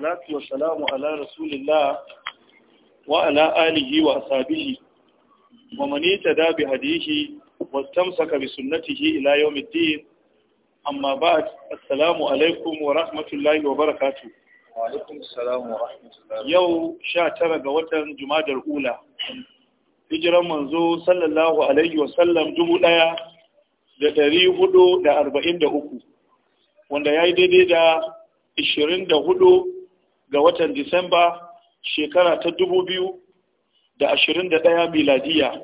salatu wa salamu ala rasulillah wa ala alihi wa ashabihi wa man ittaba bi hadihi wa tamsaka bi sunnatihi ila yawmiddin amma ba'd assalamu alaikum wa rahmatullahi wa barakatuh wa alaikum assalam wa rahmatullahi yau 19 ga watan jumadar ula hijiran manzo sallallahu alaihi wa sallam dubu daya da dari hudu da arba'in da uku wanda ya yi daidai da 24 ga watan Disamba shekara ta dubu biyu da ashirin da ɗaya miladiya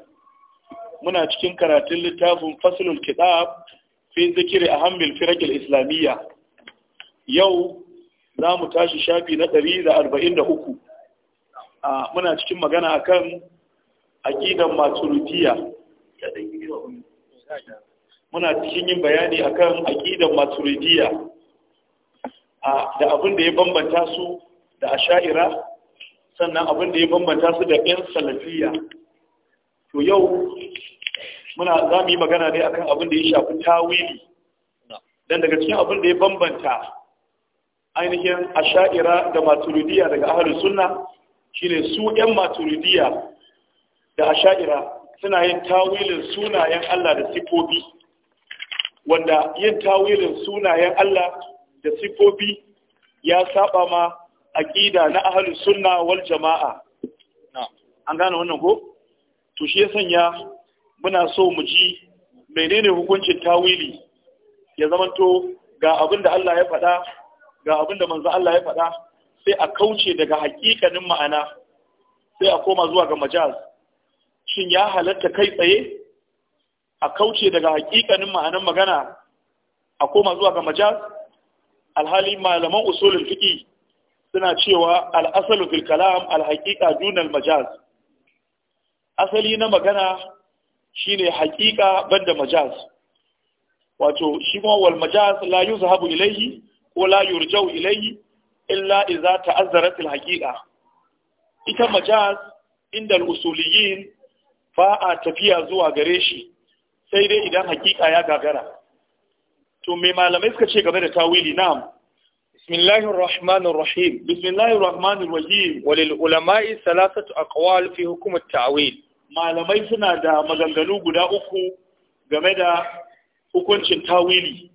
muna cikin karatun littafin fasilul kitab fi zikiri a hamil firakil islamiyya yau za mu tashi shafi na ɗari da arba'in da uku muna cikin magana akan aƙidan maturidiyya muna cikin yin bayani akan aƙidan maturidiyya da abin da ya bambanta su da asha'ira sannan abin da ya bambanta su da 'yan salafiya to yau muna za mu yi magana ne akan abin da ya shafi tawili dan daga cikin abin da ya bambanta ainihin asha'ira da maturidiyya daga ahalus sunna shine su 'yan maturidiyya da asha'ira suna yin tawilin sunayen Allah da sifofi wanda yin tawilin sunayen Allah da sifofi ya saba ma aqida na ahalin sunna wal jama'a an gane wannan ko to shi ya sanya muna so mu ji menene hukuncin tawili ya zamanto ga abin da Allah ya faɗa ga abin da manzo Allah ya faɗa sai a kauce daga hakikanin ma'ana sai a koma zuwa ga majaz shin ya halatta kai tsaye a kauce daga hakikanin ma'anan magana a koma zuwa ga majaz alhali malaman usulul fiqi suna cewa al'asalu fil kalam al-haqiqa dunal majaz asali na magana shine haƙiƙa banda majaz wato shi kuma wal majaz la yuzhabu ko la yi yurja'u ilayhi illa idza ta'azzarat al haƙiƙa ita majaz inda al’usuliyin ba a tafiya zuwa gare shi sai dai idan haƙiƙa ya gagara to me malamai suka ce game da tawili na'am بسم الله الرحمن الرحيم بسم الله الرحمن الرحيم وللعلماء ثلاثة أقوال في حكم التعويل ما لمي سنة دا مغنغلو قدا أخو hukuncin tawili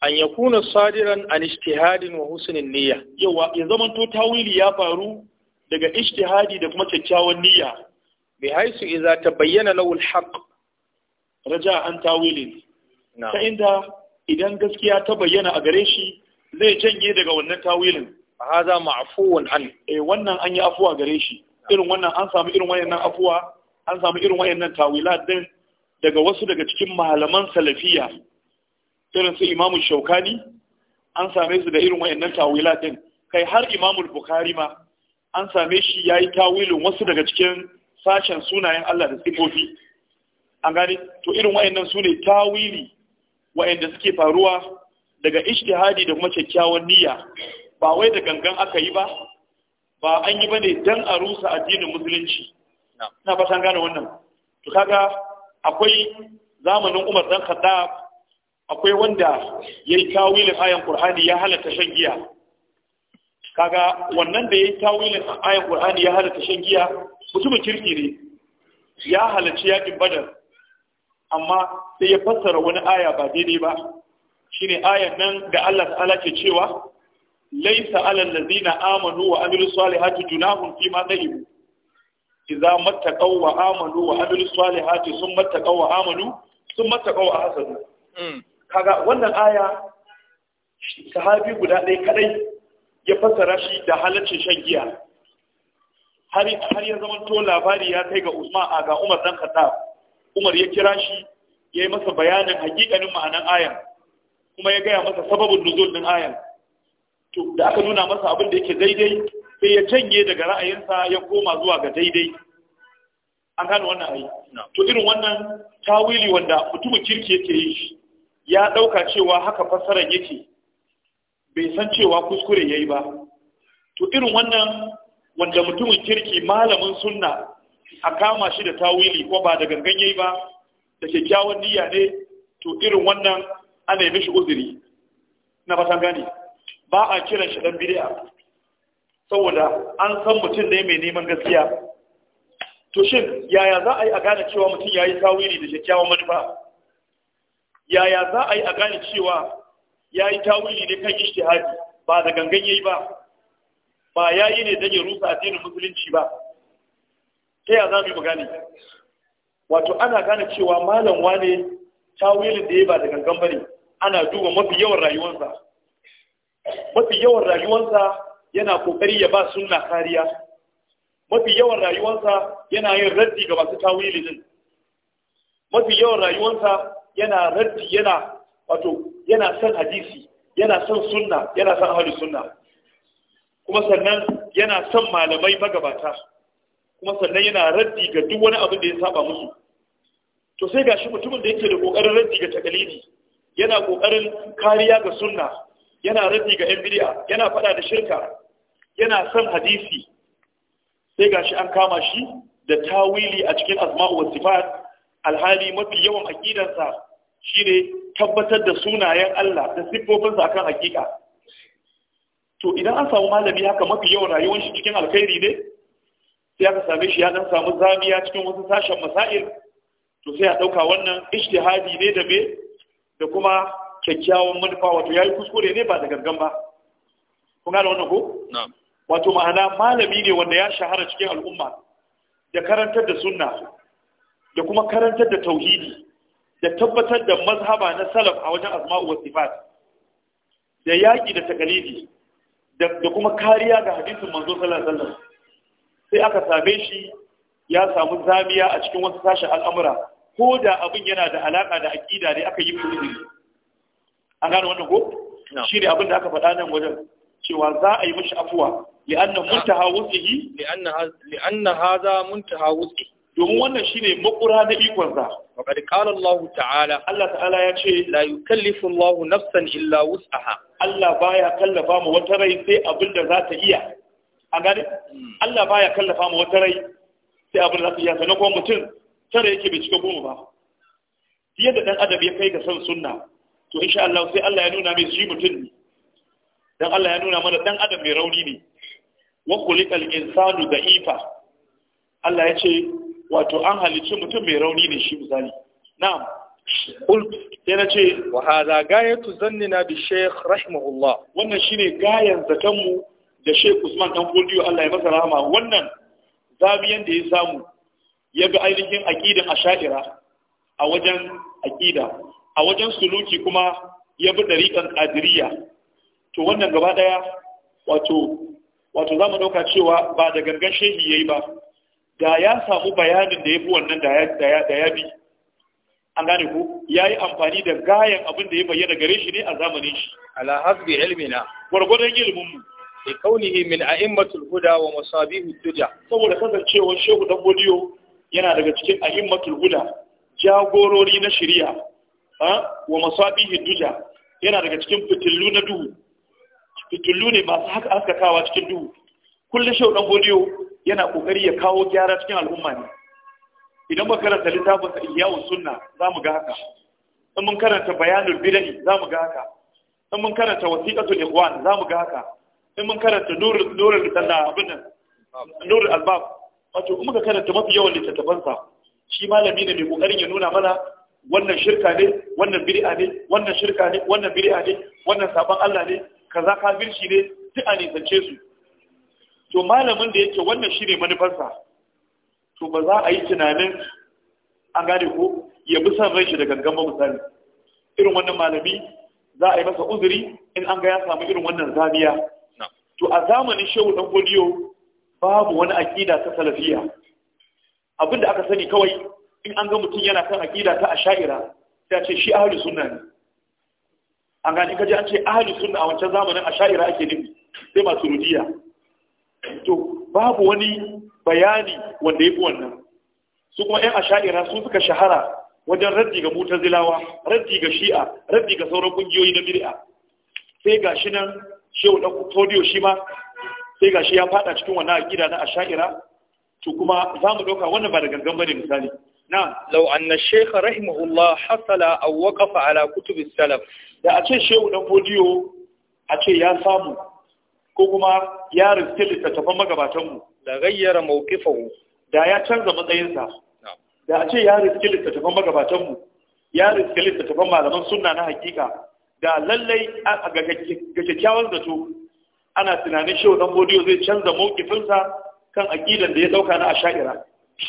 an ya kuna sadiran an ishtihadin wa husnin niyya yawa ya zamanto tawili ya faru daga ishtihadi da kuma kyakkyawan niyya bi haisu ta bayyana lahu haq? raja an tawilin ta inda idan gaskiya ta bayyana a gare shi zai canje daga wannan tawilin A haza ma'fuwan an eh wannan an yi afuwa gare shi irin wannan an samu irin wayannan afuwa an samu irin wayannan tawila din daga wasu daga cikin malaman salafiya irin su imamu shaukani an same su da irin wayannan tawila din kai har imamu bukhari ma an same shi yayi tawilin wasu daga cikin sashen sunayen Allah da sifofi an gane to irin wayannan sune tawili wayanda suke faruwa daga ishtihadi da kuma kyakkyawan niyya ba wai da gangan aka yi ba ba an yi bane dan a rusa addinin musulunci ina ba san gane wannan to kaga akwai zamanin Umar dan Khattab akwai wanda yayi tawilin ayan Qur'ani ya halatta shan giya kaga wannan da yayi tawilin ayan Qur'ani ya halatta shan giya mutumin kirki ne ya halarci yakin Badar amma sai ya fassara wani aya ba daidai ba ne ayan nan da Allah ta'ala ke cewa laisa alal ladina amanu wa amilu salihati junahun fi ma dhaibu idza mattaqaw wa amanu wa amilu salihati sun mattaqaw wa amanu sun mattaqaw wa hasanu hmm. kaga wannan aya sahabi guda ɗaya kadai ya fassara shi da halaccin shan giya har har ya zama to labari ya kai ga Usman a ga Umar dan Khattab Umar ya kira shi yayi masa bayanin hakikanin ma'anan ayan kuma ya gaya masa sababin nuzul din ayan to da aka nuna masa abin da yake daidai sai ya canje daga ra'ayinsa ya koma zuwa ga daidai an gano wannan ayi to irin wannan tawili wanda mutumin kirki yake yi ya dauka cewa haka fassarar yake bai san cewa kuskure yayi ba to irin wannan wanda mutumin kirki malamin sunna a kama shi da tawili ko ba da gangan yayi ba da kyakkyawan niyya ne to irin wannan ana yi mishi uzuri na fatan gane ba a kiran shi dan bidiya saboda an san mutum ne mai neman gaskiya to shin yaya za a yi a gane cewa mutum ya yi tawili da kyakkyawan manufa yaya za a yi a gane cewa ya yi tawili ne kan ishtihadi ba da gangan yayi ba ba ya yi ne don ya rusa addinin musulunci ba ta yaya za mu yi gane wato ana gane cewa malam wane tawilin da ya ba da gangan ne ana duba mafi yawan rayuwansa. mafi yawan rayuwansa yana kokari ya ba sunna kariya mafi yawan rayuwansa yana yin raddi ga masu tawili din mafi yawan rayuwansa yana raddi yana wato yana son hadisi yana son sunna yana son ahlus sunna kuma sannan yana san malamai magabata kuma sannan yana raddi ga duk wani abin da ya saba musu to sai gashi mutumin da yake da kokarin raddi ga takalidi yana ƙoƙarin kariya ga sunna yana rabi ga 'yan bidiya yana faɗa da shirka yana son hadisi sai ga shi an kama shi da tawili a cikin azma'u wa sifat alhali mafi yawan shi shine tabbatar da sunayen Allah da siffofinsa akan hakika to idan an samu malami haka mafi yawan rayuwar shi cikin alkhairi ne sai aka same shi ya dan samu zamiya cikin wasu sashen masail to sai a dauka wannan ijtihadi ne da me da kuma kyakkyawan manufa wato ya yi kuskure ne ba da gargan ba da wannan ko wato ma'ana malami ne wanda ya shahara cikin al'umma da karantar da sunna da kuma karantar da tauhidi da tabbatar da mazhaba na salaf a wajen asma'u wa sifat da yaƙi da takalidi da kuma kariya ga hadisin manzo sallallahu sai aka same shi ya samu zamiya a cikin wasu sashen al'amura ko da abin yana da alaƙa da aƙida ne aka yi uzuri A gane wannan ko shi ne abin da aka faɗa nan wajen cewa za a yi mashi afuwa li'anna muntaha wusihi li'anna hadha muntaha wusihi domin wannan shine makura na ikon sa faqad qala Allah ta'ala Allah ta'ala ya ce la yukallifu Allah nafsan illa wus'aha Allah baya kallafa mu wata rai sai abinda za ta iya A gane hmm. Allah baya kallafa mu wata rai sai abinda za ta iya sannan kuma mutum tara yake bai cika goma ba fiye da dan adam ya kai ga san sunna to insha Allah sai Allah ya nuna mai shi mutum ne dan Allah ya nuna mana dan adam mai rauni ne wa kulikal insanu da'ifa Allah ya ce wato an halicci mutum mai rauni ne shi misali na'am sai na ce wa hadha gayatu zannina bi shaykh rahimahullah wannan shine gayan zakan mu da Sheikh Usman dan Godiyo Allah ya masa rahama wannan zabiyan da ya samu ya bi ainihin aƙidin sha'ira a wajen aƙida a wajen suluki kuma ya bi ɗariƙan ƙadiriya to wannan gaba ɗaya wato za mu ɗauka cewa ba da gangan shehi ya yi ba da ya samu bayanin da ya fi wannan da ya bi an gane ku ya yi amfani da gayan abin da ya bayyana gare shi ne a zamanin shi ala hasbi ilmina gwargwadon ilminmu da kaunihi min a'immatul huda wa masabihu duda saboda kasancewar shehu dan godiyo. yana daga cikin ahimmatul huda jagorori na shari'a wa masabihi duja yana daga cikin fitillu na duhu fitillu ne masu haka haskakawa cikin duhu kullum shau dan godiyo yana kokari ya kawo gyara cikin al'umma ne idan ba karanta littafin sa wa sunna za mu ga haka in mun karanta bayanul bidai za mu ga haka in mun karanta wasiqatul ikhwan za mu ga haka in mun karanta nurul nurul sanna abin nurul albab wato kuma ka karanta mafi yawan littattafansa shi malami ne mai kokarin ya nuna mana wannan shirka ne wannan bid'a ne wannan shirka ne wannan bid'a ne wannan sabon Allah ne kaza kafirci ne duk a nisance su to malamin da yake wannan shine manufarsa to ba za a yi tunanin an gane ko ya bi san rai shi da gangan ba misali irin wannan malami za a yi masa uzuri in an ga ya samu irin wannan zamiya to a zamanin shehu dan godiyo babu wani aƙida ta salafiya abin da aka sani kawai in an ga mutum yana kan aƙida ta asha'ira sai a ce shi ahalus sunna ne an gani kaji an ce ahalus sunna a wancan zamanin asha'ira ake nufi sai masu rudiya to babu wani bayani wanda ya fi wannan su kuma 'yan asha'ira su suka shahara wajen raddi ga zilawa raddi ga shi'a raddi ga sauran kungiyoyi na bid'a sai ga shi nan shehu dan kodiyo shi ma sai ga shi ya fada cikin wannan aqida na ash'ira to kuma zamu dauka wannan ba da gangan bane misali na law anna shaykh rahimahullah hasala aw waqafa ala kutub salaf da a ce shehu dan fodiyo a ce ya samu ko kuma ya rinke tafan magabatan mu da gayyara mawqifahu da ya canza matsayinsa da a ce ya rinke tafan magabatan mu ya rinke tafan malaman sunna na hakika da lallai a ga kyakkyawan zato ana tunanin shehu dan godiyo zai canza mawkifinsa kan aqidan da ya dauka na asha'ira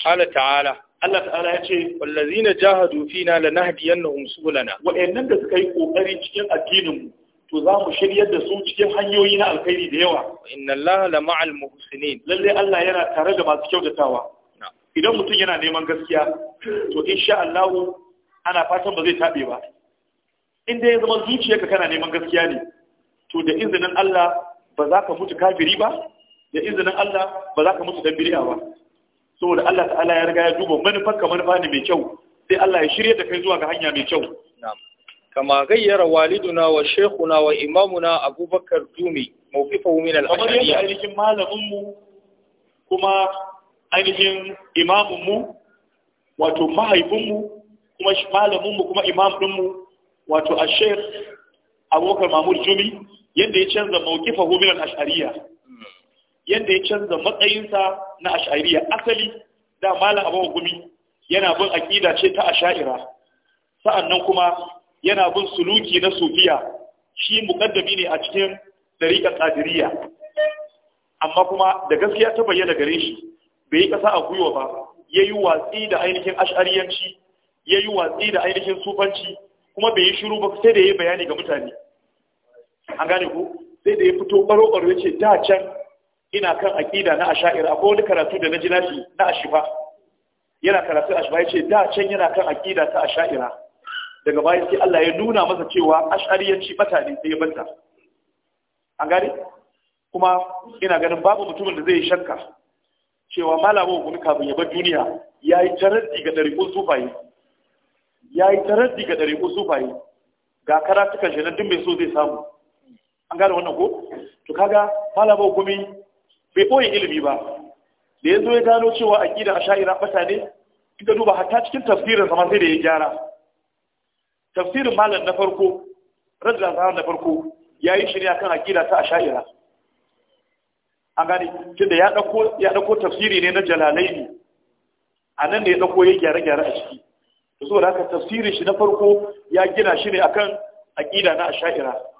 Allah ta'ala Allah ta'ala ya ce wallazina jahadu fina lanahdiyannahum subulana wa'annan da suka yi kokari cikin addinin mu to za mu shiryar da su cikin hanyoyi na alkhairi da yawa inna Allah la ma'al muhsinin lalle Allah yana tare da masu kyautatawa idan mutum yana neman gaskiya to insha Allah ana fatan ba zai tabe ba in dai ya zama zuciyarka kana neman gaskiya ne to da izinin Allah ba za ka mutu kafiri ba da izinin Allah ba za ka mutu dan biriya ba saboda Allah ta'ala ya riga ya duba manufar ka manufa ne mai kyau sai Allah ya shirya da kai zuwa ga hanya mai kyau kama gayyara waliduna wa shekuna wa imamuna abubakar dumi mawqifahu min al-ashariya kamar yadda malamin mu kuma ainihin wato mahaifin mu kuma malamin imam din mu wato ash abubakar mahmud jumi yadda ya canza mawqifahu min al ashariya yadda ya canza matsayinsa na ashariya asali da malam abu gumi yana bin aƙida ce ta asha'ira sa'an nan kuma yana bin suluki na sufiya shi mukaddami ne a cikin dariqat tsadiriya amma kuma da gaskiya ta bayyana gare shi bai yi ƙasa a gwiwa ba ya yi watsi da ainihin ash'ariyanci yi watsi da ainihin sufanci kuma bai yi shiru ba sai da ya yi bayani ga mutane an gane ku sai da ya fito baro baro ya ce da can ina kan aƙida na asha'ira akwai wani karatu da na ji nashi na ashifa yana karatu ashifa ya ce da can yana kan aƙida ta asha'ira daga baya sai Allah ya nuna masa cewa ash'ariyanci bata ne sai ya banta an gane kuma ina ganin babu mutumin da zai shakka cewa malamu gumi kafin ya bar duniya ya yi taraddi ga ɗariƙun sufaye ya yi taraddi ga ɗariƙun sufaye ga karatukan shi na duk mai so zai samu an gane wannan ko to kaga malama hukumi bai boye ilimi ba da yanzu ya gano cewa aqida ash'ari bata ne in ka duba hatta cikin tafsirin sa sai da ya gyara tafsirin malam na farko rajul zahar na farko yayi shiri akan aqida ta ash'ari an gane tunda ya dauko ya dauko tafsiri ne na jalalaini a nan ne ya dauko ya gyara-gyara a ciki to saboda haka tafsirin shi na farko ya gina shi ne akan aqida na sha'ira.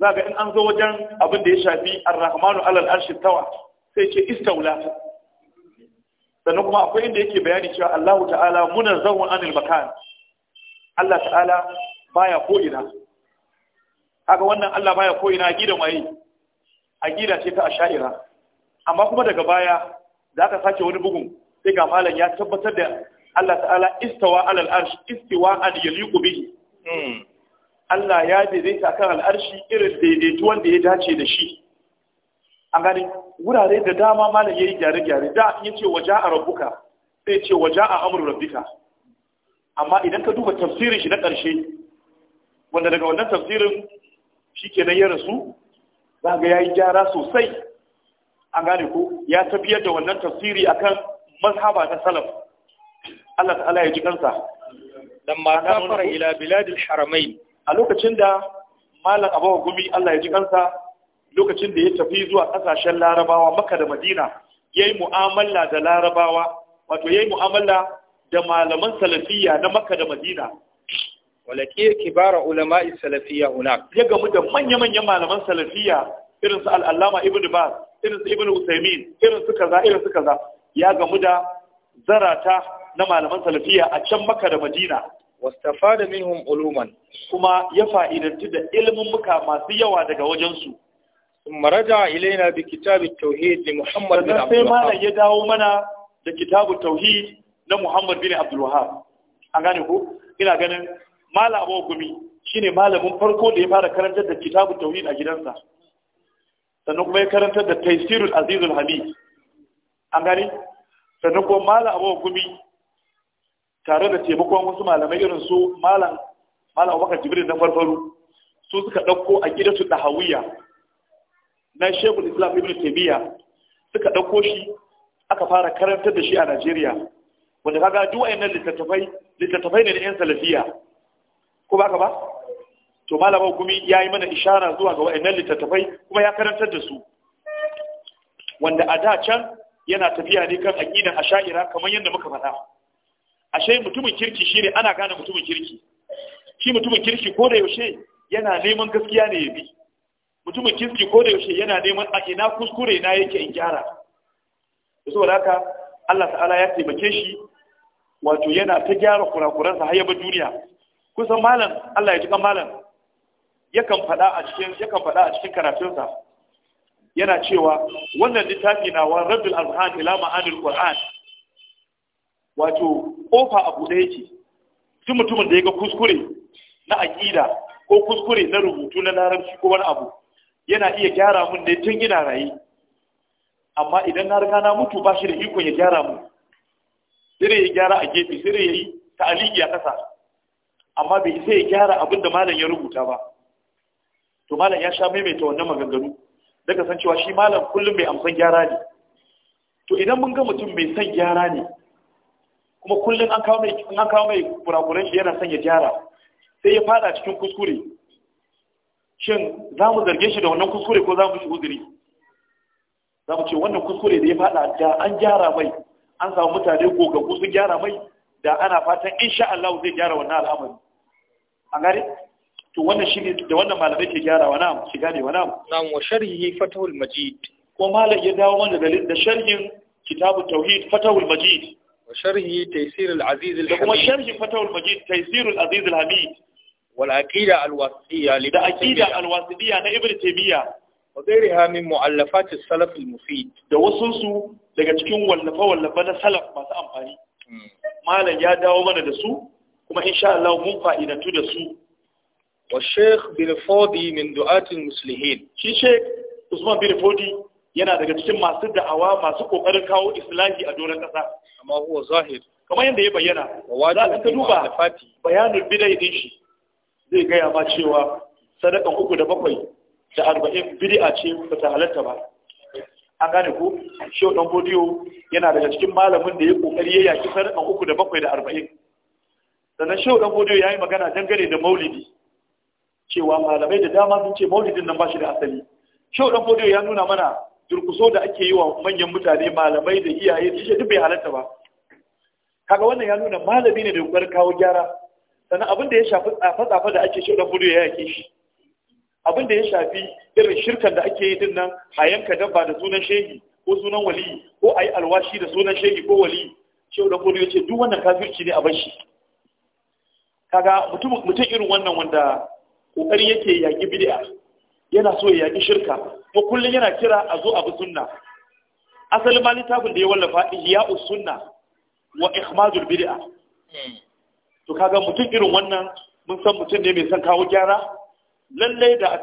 za ga in an zo wajen abin da ya shafi ar-rahmanu alal arshi tawa sai ce istawla sannan kuma akwai inda yake bayani cewa Allahu ta'ala munazzahun anil makan Allah ta'ala baya ko ina haka wannan Allah baya ko ina mai a gida ce ta asha'ira amma kuma daga baya za ka sake wani bugun sai ga malam ya tabbatar da Allah ta'ala istawa alal arsh istiwa an yaliqu bihi hmm. Allah ya daidaita kan al'arshi irin daidaitu wanda ya dace da shi A gani wurare da dama malam yi gyare-gyare da ya ce waje a rabuka, sai ce waje a amur rabuka. amma idan ka duba tafsirin shi na ƙarshe wanda daga wannan tafsirin shi ke na ya rasu za ga ya yi gyara sosai A gane ko ya tafiyar da wannan tafsiri kan mazhaba na salaf Allah ta'ala ya ji kansa lamma fara ila biladil haramain a lokacin da malam abawa gumi Allah ya ji kansa lokacin da ya tafi zuwa kasashen larabawa maka da madina ya yi mu'amala da larabawa wato ya yi mu'amala da malaman salafiya na maka da madina ke kibara ulama'i salafiya una ya gamu da manya-manyan malaman salafiya irin su al'allama ibn baz irin su ibn usaimin irin su kaza irin su kaza ya gamu da zarata na malaman salafiya a can maka da madina wastafada minhum uluman kuma ya fa'idantu da ilmummuka muka masu yawa daga wajensu maraja ilaina bi kitabit tauhid li muhammad bin abdul wahhab sai ya dawo mana da kitabut tauhid na muhammad bin abdul an gane ko ina ganin malam abu gumi shine malamin farko da ya fara karantar da kitabut tauhid a gidansa sannan kuma ya karantar da taysirul azizul hamid an gane sannan kuma malam abu gumi tare da taimakon wasu malamai irin su malam malam abubakar na farfaru su suka ɗauko a su ɗahawiyya na shekul islam ibn taimiyya suka ɗauko shi aka fara karantar da shi a najeriya wanda kaga duk wayannan littattafai littattafai ne na yan salafiya ko ba ka ba to Malam hukumi ya yi mana ishara zuwa ga wayannan littattafai kuma ya karantar da su wanda a da can yana tafiya ne kan aƙidan asha'ira kamar yadda muka faɗa ashe mutumin kirki shi ne ana gane mutumin kirki shi mutumin kirki ko da yaushe yana neman gaskiya ne ya bi mutumin kirki ko da yaushe yana neman a ina kuskure na yake in gyara da saboda haka Allah ta'ala ya taimake shi wato yana ta gyara kurakuran har hayyaba duniya kusan malam Allah ya ji kan malam yakan faɗa a cikin yakan faɗa a cikin karatunsa yana cewa wannan littafi na wa rabbul azhan ila ma'anil qur'an wato kofa a buɗe yake duk mutumin da ya ga kuskure na aƙida ko kuskure na rubutu na larabci ko wani abu yana iya gyara mun ne tun ina raye amma idan na riga na mutu ba shi da ikon ya gyara mu sai ya gyara a gefe sai ya yi aliki a ƙasa amma bai sai ya gyara abin da malam ya rubuta ba to malam ya sha maimaita wannan maganganu daga san cewa shi malam kullum mai amsan gyara ne to idan mun ga mutum mai son gyara ne kuma kullum an kawo mai in an kawo mai shi yana son ya gyara sai ya fada cikin kuskure shin za mu zarge shi da wannan kuskure ko za mu shi uzuri za mu ce wannan kuskure da ya fada da an gyara mai an samu mutane gogaggu sun gyara mai da ana fatan insha Allah zai gyara wannan al'amari an gare to wannan shi ne da wannan malamai ke gyara wa na'am shiga ne wa na'am nan wa sharhi fatahul majid ko malam ya dawo mana da sharhin kitabut tauhid fatahul majid وشرحه تيسير العزيز الحميد لكم شرح فتح المجيد تيسير العزيز الحميد والعقيدة الواسطية لعقيدة الواسطية أنا ابن تيمية وغيرها من مؤلفات السلف المفيد da wasunsu daga cikin wallafa-wallafa na salaf masu amfani hmm. malam ya dawo mana da su kuma insha Allah mun fa'idantu da su wa sheikh bin min du'atin muslihin shi sheikh usman bin yana daga cikin masu da'awa masu kokarin kawo islahi a doron kasa amma huwa zahir kamar yadda ya bayyana za a ta duba bayanin bidai din shi zai gaya ma cewa sadakan uku da bakwai da arba'in bid'a ce ba ta halatta ba an gane ku shehu dan godiyo yana daga cikin malamin da ya kokari ya yaki sadakan uku da bakwai da arba'in sannan shehu dan godiyo ya yi magana dangane da maulidi cewa malamai da dama sun ce maulidin nan ba shi da asali shehu dan godiyo ya nuna mana durkuso da ake yi wa manyan mutane malamai da iyaye shi duk bai halatta ba kaga wannan ya nuna malami ne da kokar kawo gyara sannan abin da ya shafi tsafa-tsafa da ake shirya budu ya yake shi abin da ya shafi irin shirkan da ake yi din nan a yanka dabba da sunan shehi ko sunan wali ko a alwashi da sunan shehi ko wali shehu da budu yace duk wannan kafirci ne a bar shi kaga mutum irin wannan wanda kokari yake yaki bid'a yana so ya yi shirka ko kullum yana kira a zo abu sunna asalin ma littafin da ya wallafa ihya'u sunna wa ihmadul bid'a hmm. to kaga mutum irin wannan mun san mutum ne mai son kawo gyara lallai da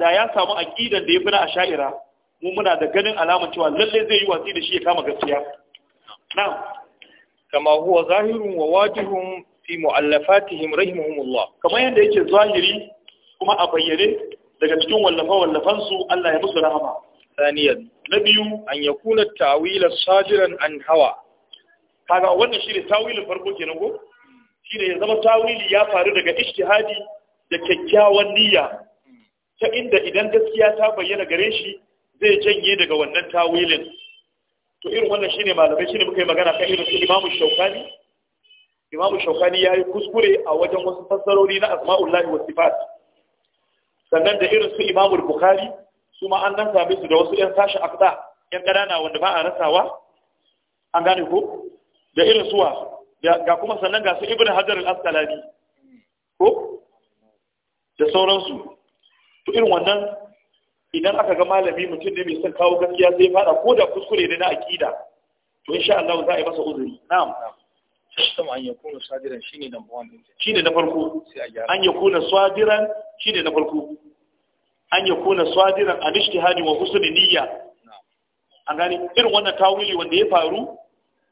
da ya samu aqidan da ya na asha'ira mu muna da ganin alamar cewa lallai zai yi wasi da shi ya kama gaskiya na'am kama huwa zahirun wa wajihun fi mu'allafatihim rahimahumullah kamar yadda yake zahiri kuma a bayyane daga cikin wallafa-wallafansu Allah ya musu rahama. Saniyan. Na biyu, an ya kuna tawila sajiran an hawa. Kaga wannan shi ne tawilin farko ke nago? Shi ne ya zama tawili ya faru daga ishtihadi da kyakkyawan niyya. Ta inda idan gaskiya ta bayyana gare shi zai janye daga wannan tawilin. To irin wannan shi ne malamai shi ne muka yi magana kan irin su Imamu Shaukani. Imamu Shaukani ya yi kuskure a wajen wasu fassarori na Asma'ullahi wa Sifat. sannan da irin su imamu bukhari su ma an same su da wasu yan sashi akta yan ƙanana wanda ba a rasawa an gane ko da irin suwa ga kuma sannan ga su ibn hajar al-asqalani ko da sauransu to irin wannan idan aka ga malami mutum ne mai son kawo gaskiya sai fada ko da kuskure ne na akida to insha Allah za a yi masa uzuri na'am sama an yakuna sadiran shine number 1 shine na farko an kuna sadiran shine na farko an yakuna sadiran al ijtihadi wa husn niyya an gani irin wannan tawili wanda ya faru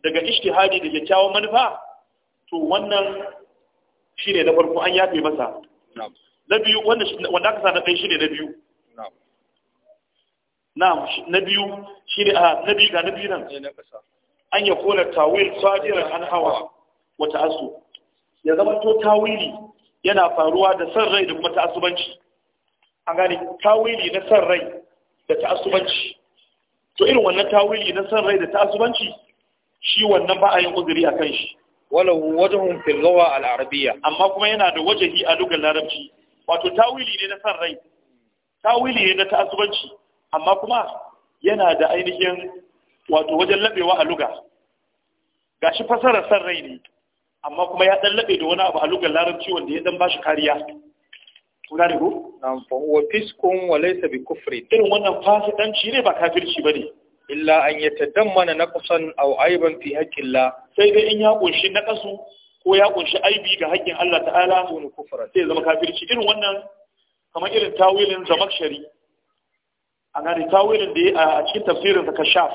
daga ijtihadi da kyakkyawan manufa to wannan shine na farko an yafe masa na biyu wanda aka sa na ɗaya shine na biyu na biyu shine a ah, na biyu ga na biyu nan eh, an ya kona tawil sadiran an hawa wa asu ya zama to tawili yana faruwa da san rai da kuma ta'assubanci an gane tawili na san rai da ta'assubanci to irin wannan tawili na san rai da ta'assubanci shi wannan ba a yin uzuri a kan shi walahu wajhun fil lugha al arabiyya amma kuma yana da wajahi a lugar larabci wato tawili ne na san rai tawili ne na ta'assubanci amma kuma yana da ainihin wato wajen labewa a luga shi fasarar san rai ne amma kuma ya dan labe da wani abu a lugar larabci wanda ya dan bashi kariya kuna da ko nan fa wa fiskun wa laysa bi kufri irin wannan fasidanci ne ba kafirci bane illa an na naqsan aw aiban fi haqqillah sai dai in ya kunshi naqasu ko ya kunshi aibi ga haƙƙin Allah ta'ala sai zama kafirci irin wannan kamar irin tawilin zamakshari a da tawilin da a cikin tafsirin sa kashaf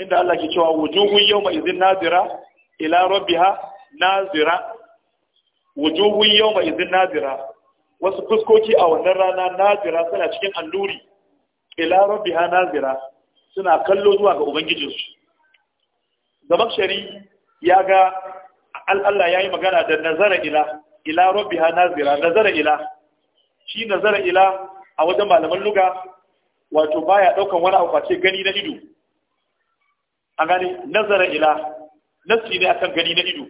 inda Allah ke cewa wujuhun mai izin nazira ila ha nazira wujuhun mai idhin nazira wasu fuskoki a wannan rana nazira suna cikin alluri ila rabbi ha nazira suna kallo zuwa ga ubangijinsu shari ya ga Allah ya yi magana da nazara ila ila rabbi ha nazira nazara ila shi nazara ila a wajen malaman luga wato baya daukan wani abu face gani na ido a gani nazara ila nasi ne akan gani na ido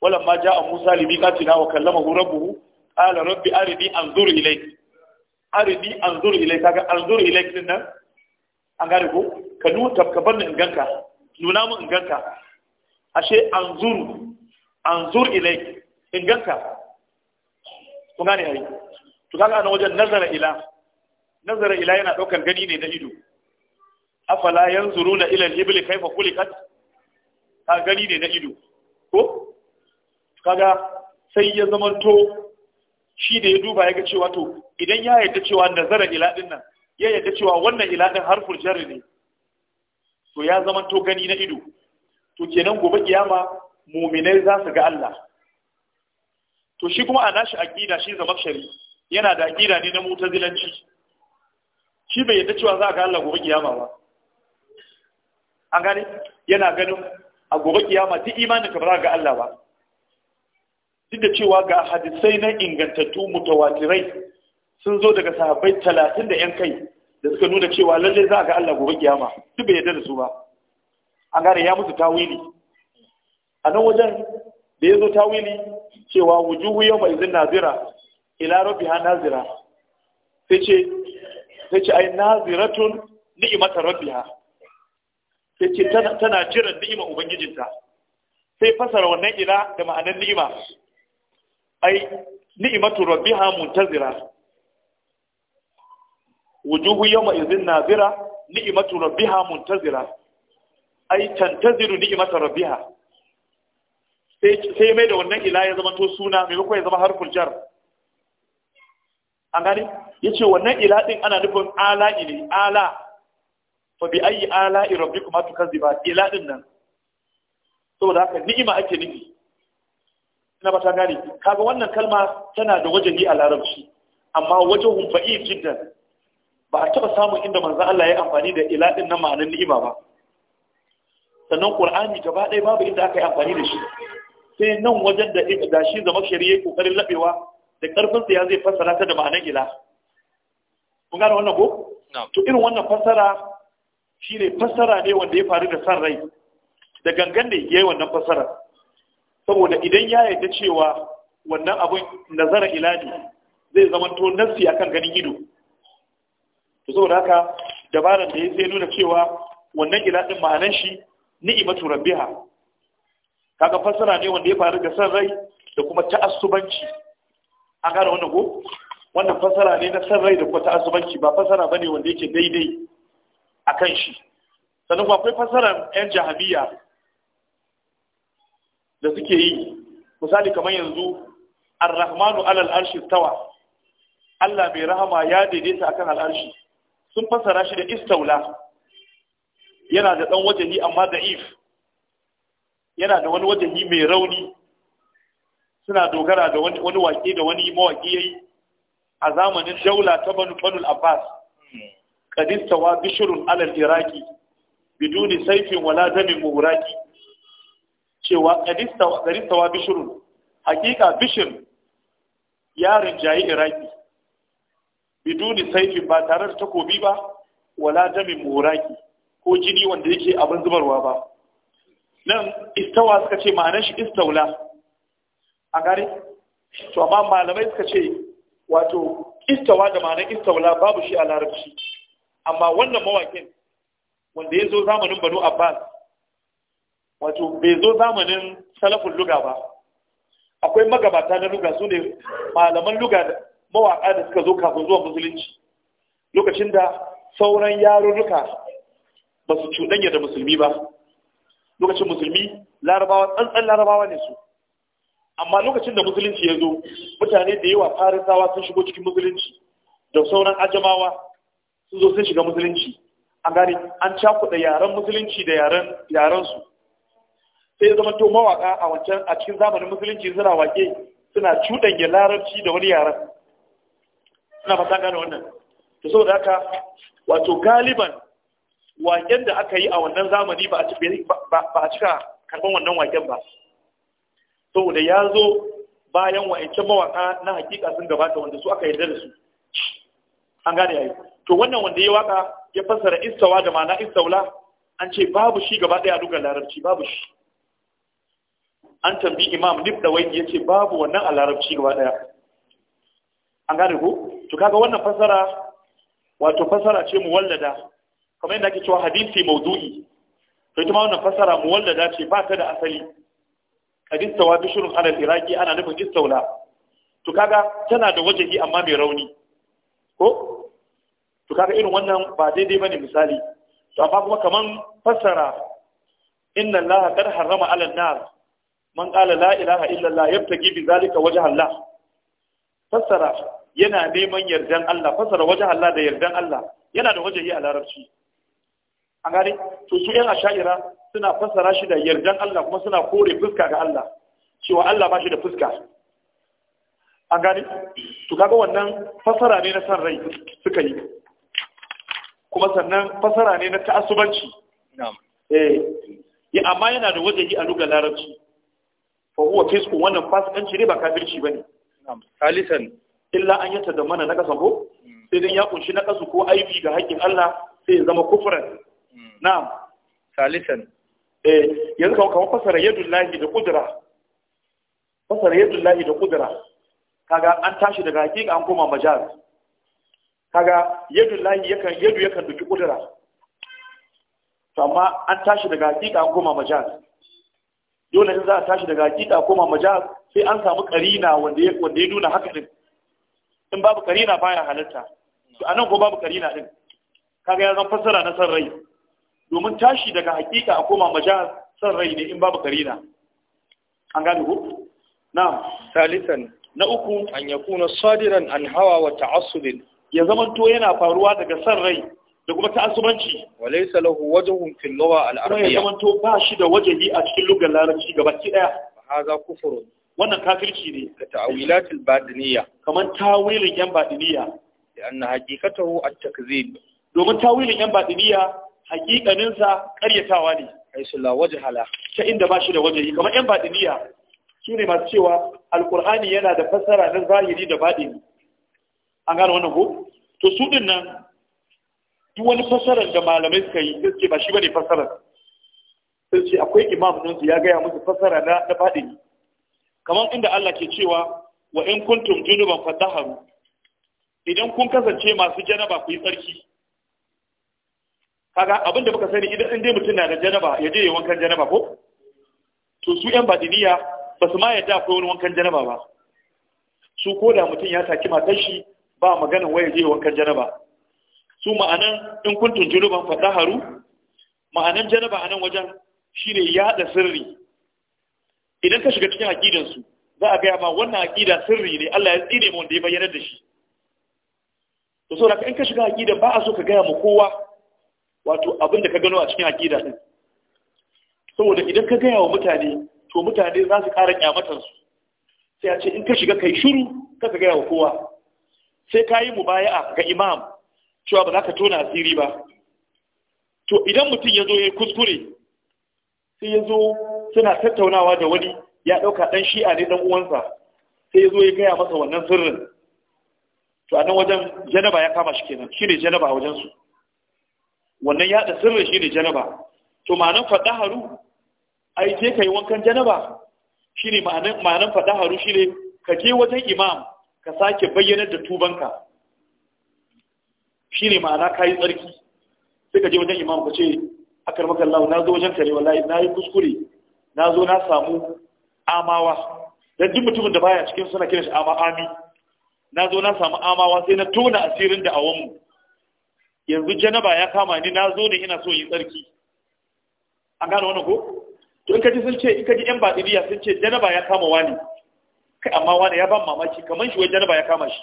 wala ma ja'a Musa li miqatina wa kallama kallamahu rabbuhu qala rabbi arini anzur ilayk arini anzur ilayk kaga anzur ilayk din nan an gane ko ka nuta ka bar in ganka nuna mu in ganka ashe anzur anzur ilayk in ganka kun gane ai to kaga ana wajen nazara ila nazara ila yana daukar gani ne na ido afala yanzuruna ila al-ibli kayfa khuliqat ka gani ne na ido ko kaga sai ya zama to shi da ya duba ya ga cewa to idan ya yadda cewa nazara ila din nan ya yadda cewa wannan ila din harful ne to ya to gani na ido to kenan gobe kiyama muminai za su ga Allah to shi kuma a nashi aqida shi zama shari yana da aqida ne na mutazilanci shi bai yadda cewa za a ga Allah gobe kiyama ba an gane yana ganin a gobe kiyama duk imanin ka ba za ga Allah ba duk da cewa ga hadisai na ingantattu mutawatirai sun zo daga sahabbai talatin da yan kai da suka nuna cewa lalle za ga Allah gobe kiyama duk bai yarda da su ba an gane ya musu tawili a nan wajen da ya zo tawili cewa wujuhu yau mai zin nazira ila rabbiha nazira sai ce sai ce ai naziratun ni'matar rabbiha sai ce tana jiran ni'ima ubangijinta sai fasara wannan ila da ma'anar ni'ima ai ni'imatu rabbiha muntazira wujuhu yawma idhin nazira ni'imatu rabbiha muntazira ai tantaziru ni'imata rabbiha sai sai mai da wannan ila ya zama to suna maimakon ya zama harful jar an gani yace wannan ila din ana nufin ala ne ala fa bi ayi ala rabbikum atukaziba ila din nan saboda haka ni'ima ake nufi ina ba ta gane kaga wannan kalma tana da wajen yi a larabci amma wajen humfa'i jiddan ba a taba samun inda manzo Allah ya amfani da ila din nan ma'anar ni'ima ba sannan qur'ani gaba ɗaya babu inda aka yi amfani da shi sai nan wajen da da shi zama shari'a kokarin labewa da karfin sa ya zai fassara ta da ma'anar ila kun gane wannan ko to irin wannan fassara shi ne fassara ne wanda ya faru da san rai da gangan ne ya yi wannan fassara saboda idan ya yarda cewa wannan abin nazara ilani zai zama to nassi akan ganin ido to saboda haka dabaran da ya sai nuna cewa wannan iladin ma'anan shi ni'imatu rabbiha kaga fassara ne wanda ya faru da san rai da kuma ta'assubanci an gara wannan ko wannan fassara ne na san rai da kuma ta'assubanci ba fassara bane wanda yake daidai a kan shi sannan akwai fasarar 'yan jahabiya da suke yi misali kamar yanzu ar-rahmanu alal arshi tawa Allah mai rahama ya daidaita akan al'arshi sun fasara shi da istaula yana da ɗan wajahi amma da yana da wani wajahi mai rauni suna dogara da wani waƙe da wani mawaƙi ya a zamanin daula ta banu banul abbas kadistawa bishirun alal iraki biduni saifin wala damin muraki cewa kadistawa bishirun hakika bishir ya jayi iraki biduni saifin ba tare da takobi ba wala damin muraki ko jini wanda yake abin zubarwa ba nan istawa suka ce ma'anar shi istaula a gari to amma malamai suka ce wato istawa da ma'anar istaula babu shi a larabci amma wannan mawakin wanda ya zo zamanin banu abbas wato bai zo zamanin salafin luga ba akwai magabata na luga su ne malaman luga mawaka da suka zo kafin zuwa musulunci lokacin da sauran yarurruka ba su cuɗanya da musulmi ba lokacin musulmi larabawa tsantsan larabawa ne su amma lokacin da musulunci ya zo mutane da yawa farisawa sun shigo cikin musulunci da sauran ajamawa sun zo sun shiga musulunci an gane an cakuɗa yaren musulunci da yaren su sai zama to mawaka a wancan a cikin zamanin musulunci suna wake suna ya larabci da wani yaren suna fata gane wannan to saboda haka wato galiban waken da aka yi a wannan zamani ba a cika karɓar wannan waken ba saboda ya zo bayan wa'ancan mawaka na hakika sun gabata wanda su aka yarda da su an gane yayi to wannan wanda ya waka ya fassara istawa da ma'ana istaula an ce babu shi gaba ɗaya a lugar larabci babu shi an tambi imam nifdawai ya ce babu wannan a larabci gaba ɗaya an gane ko to kaga wannan fassara wato fassara ce muwallada kamar yadda ake cewa hadisi mawdu'i to ita ma wannan fassara muwallada ce ba ta da asali kadistawa bishirun ala iraki ana nufin istaula to kaga tana da wajahi amma mai rauni ko to kaga irin wannan ba daidai bane misali to amma kuma kaman fassara inna Allah qad harrama ala nar man qala la ilaha illa allah yabtagi bi zalika wajha allah fassara yana neman yardan Allah fassara wajen Allah da yardan Allah yana da wajen yi a larabci an gane to su yan asha'ira suna fassara shi da yardan Allah kuma suna kore fuska ga Allah cewa Allah ba shi da fuska an gane to kaga wannan fassara ne na san rai suka yi kuma sannan fasara ne na ta'asubanci. eh amma yana da wajen yi a lugar larabci fa huwa fiskun wannan fasikanci ne ba kafirci ne. salisan illa an yata da mana naka ko? Hmm. sai dai ya kunshi na ƙasa ko aibi ga haƙƙin Allah sai ya zama kufuran. Hmm. na'am salisan eh yanzu kawo kawo fasara lahi da kudura fasara lahi da kudura kaga an tashi daga hakika an koma majaz kaga yadu lahi yakan yadu yakan duki kudura to amma an tashi daga hakika an koma majaz dole in za a tashi daga hakika koma majaz sai an samu karina wanda ya wanda ya nuna haka din in babu karina baya halitta, to anan ko babu karina din kaga ya zan fassara na san rai domin tashi daga hakika a koma majaz san rai ne in babu karina an gane ku na'am salisan na uku an yakuna sadiran an hawa wa ta'assubin ya zamanto yana faruwa daga san rai da kuma ta'assubanci walaysa lahu wajhun fil lugha al arabiyya ya to ba shi da wajahi a cikin lugar larabci ki daya haza kufuru wannan kafirci ne ka ta'awilat al badiniya kaman tawilin yan badiniya anna haqiqatahu at takzib domin tawilin yan badiniya haqiqanin sa ƙaryatawa ne aisu la wajhala ta inda ba shi da wajahi kaman yan badiniya shine masu cewa alqur'ani yana da fassara na zahiri da badini an gane wannan ko to su din nan duk wani fasarar da malamai suka yi sai ce ba shi bane fasarar sai ce akwai imam din ya gaya musu fasara na na fadi kamar inda Allah ke cewa wa in kuntum junuban fadaharu idan kun kasance masu janaba ku yi tsarki kaga abin da muka sani idan dai mutum na da janaba ya je ya wankan janaba ko to su yan badiniya ba su ma yadda akwai wani wankan janaba ba su ko da mutum ya saki matar shi ba maganin waye je wankan janaba su ma'anan in kuntun junuban fadaharu ma'anan janaba anan wajen shine yada sirri idan ka shiga cikin aqidan su za a gaya ma wannan aqida sirri ne Allah ya tsine mu wanda ya bayyana da shi to saboda in ka shiga aqida ba a so ka gaya ma kowa wato abin da ka gano a cikin aqida din saboda idan ka gaya wa mutane to mutane za su ƙara kyamatar su sai a ce in ka shiga kai shiru ka gaya wa kowa sai ka yi mubaya ga imam cewa ba za ka tona asiri ba to idan mutum ya zo ya kuskure sai ya zo suna tattaunawa da wani ya ɗauka ɗan shi'a ne ɗan uwansa sai ya zo ya gaya masa wannan sirrin to a nan wajen janaba ya kama shi kenan shi ne janaba a wajensu wannan yaɗa sirrin shi ne janaba to ma'anan faɗaharu ai je ka yi wankan janaba shi ne ma'anan faɗaharu shi ne ka je wajen imam ka sake bayyanar da tubanka Shi ne ma'ana kayi tsarki sai ka je wajen imam ka ce a maka Allah na zo wajen kare wallahi na yi kuskure na zo na samu amawa Don duk mutumin da baya cikin suna kiran shi ama ami na zo na samu amawa sai na tona asirin da awan mu yanzu janaba ya kama ni na zo ne ina so yi tsarki an gane wani ko to in ka ji sun ce in ka ji yan badiriya sun ce janaba ya kama wani kai amma wani ya ban mamaki kaman shi wai janaba ya kama shi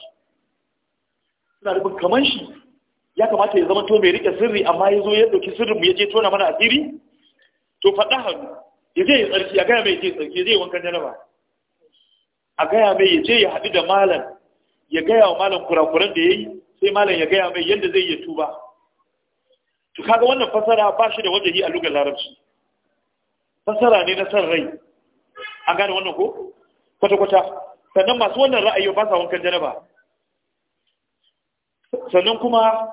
suna rubin kaman shi ya kamata ya zama to mai rike sirri amma ya zo ya ɗauki sirrin mu ya je tona mana asiri to faɗa hannu ya je ya tsarki ya gaya mai ya je tsarki ya je wankan janaba a gaya mai ya je ya haɗu da malam ya gaya wa malam kurakuran da ya yi sai malam ya gaya mai yadda zai yi tuba to kaga wannan fasara ba shi da yi a lugar larabci fasara ne na san rai an gane wannan ko kwata-kwata sannan masu wannan ra'ayi ba sa wankan janaba sannan kuma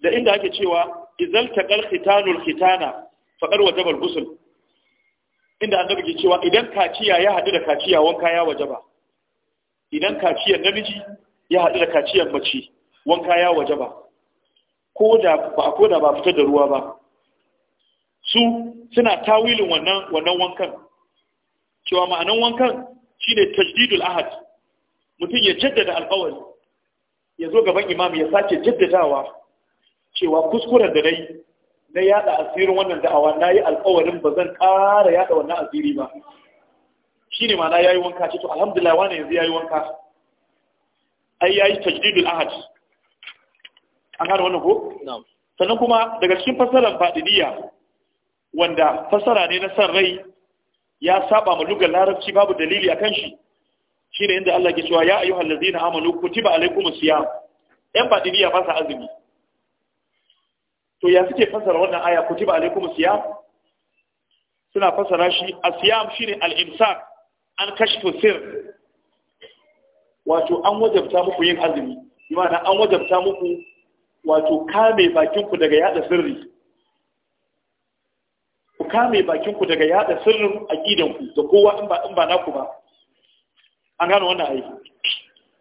da inda ake cewa izal taqal khitanul khitana faqad wajaba al-ghusl inda annabi ke cewa idan kaciya ya hadu da kaciya wanka ya wajaba idan kaciya namiji ya hadu da kaciya mace wanka ya wajaba ko da ba ko da ba fitar da ruwa ba su suna tawilin wannan wannan wankan cewa ma'anan wankan shine tajdidul ahad mutum ya jaddada alƙawari ya zo gaban imam ya sace jaddadawa cewa kuskuren da nayi na yada asirin wannan da'awa nayi alƙawarin ba zan ƙara yada wannan asiri ba shine ma na yayi wanka ce to alhamdulillah wani yanzu yayi wanka ai yayi tajdidul ahad an gano wannan ko na'am sannan kuma daga cikin fasarar fadiliya wanda fasara ne na san rai ya saba ma lugar larabci babu dalili akan shi shine inda Allah ke cewa ya ayyuhal ladzina amanu kutiba alaikumus siyam yan badiriya ba sa azumi to ya suke fasara wannan aya kutiba alaikumus siyam suna fasara shi asiyam shine al-imsak an kashfu sir wato an wajabta muku yin azumi bimana an wajabta muku wato kame bakin ku daga yada sirri ku kame bakinku daga yada sirrin aƙidanku da kowa in ba in ba naku ba an gano wannan aiki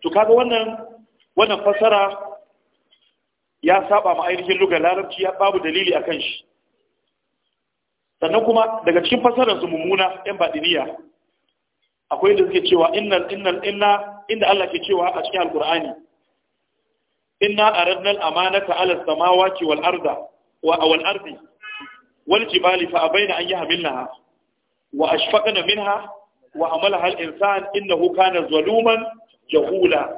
to kaga wannan wannan fasara ya saba ma ainihin lugar larabci ya babu dalili a kan shi sannan kuma daga cikin fasaran su mummuna yan badiniya akwai da suke cewa innal innal inna inda Allah ke cewa a cikin alqur'ani inna aradna al-amanata ala as-samawati wal arda wa wal ardi wal jibali fa abaina an yahmilnaha wa ashfaqna minha wa amalaha al insan innahu kana zaluman jahula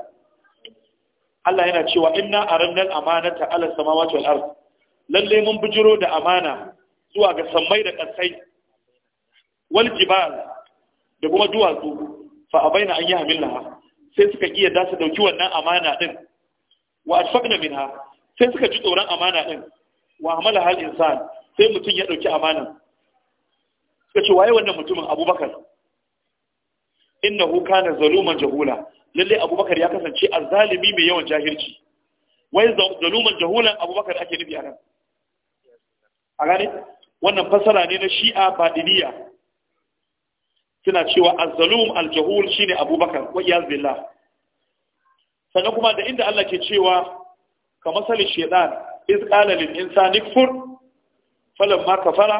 Allah yana cewa inna aranna al amanata ala samawati wal ard lalle mun bijiro da amana zuwa ga sammai da kasai wal da kuma duwatsu fa abaina an yahmilnaha sai suka iya da sai suka sai mutum ya ɗauki amana suka ce waye wannan mutumin abubakar huka na zaluman jahula lalle abubakar ya kasance a azzalimi mai yawan jahilci wai zaluman jahulan abubakar ake nufi a nan a gane wannan fasara ne na shi'a badiniya suna cewa azzalum aljahul shine abubakar wa iyaz billah sannan kuma da inda Allah ke cewa ka salin shaytan iz qala lil insani kfur falan ma kafara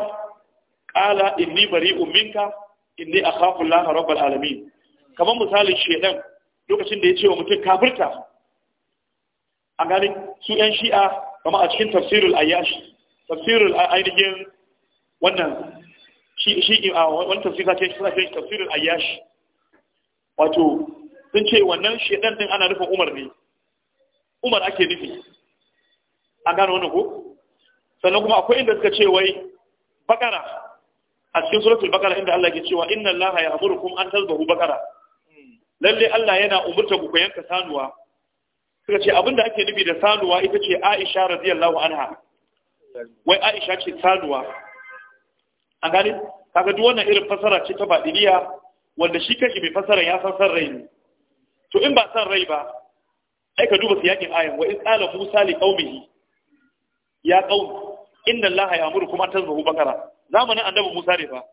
qala inni bari'un minka inni akhafu Allah rabbul alamin kamar misalin shedan lokacin da ya ce wa mutum kafirta an gani su yan shi'a kama a cikin tafsirul ayyashi tafsirul ainihin wannan shi shi a wani tafsira ce suna ce tafsirul ayyashi wato sun ce wannan shedan din ana nufin Umar ne Umar ake nufi an gano wannan ko sannan kuma akwai inda suka ce wai bakara a cikin suratul bakara inda Allah ke cewa inna Allah ya amurukum an tazbahu bakara lalle Allah yana umurta ku yanka sanuwa suka ce abinda ake nufi da sanuwa ita ce Aisha radiyallahu anha wai Aisha ce sanuwa an gani kaga duk wannan irin fasara ce ta badiliya wanda shi kashi mai fasara ya san san rai ne to in ba san rai ba ai ka duba siyakin ayan wa in qala Musa li qaumihi ya Allah ya muru kuma ta zuhu bakara zamanin annabi Musa ne fa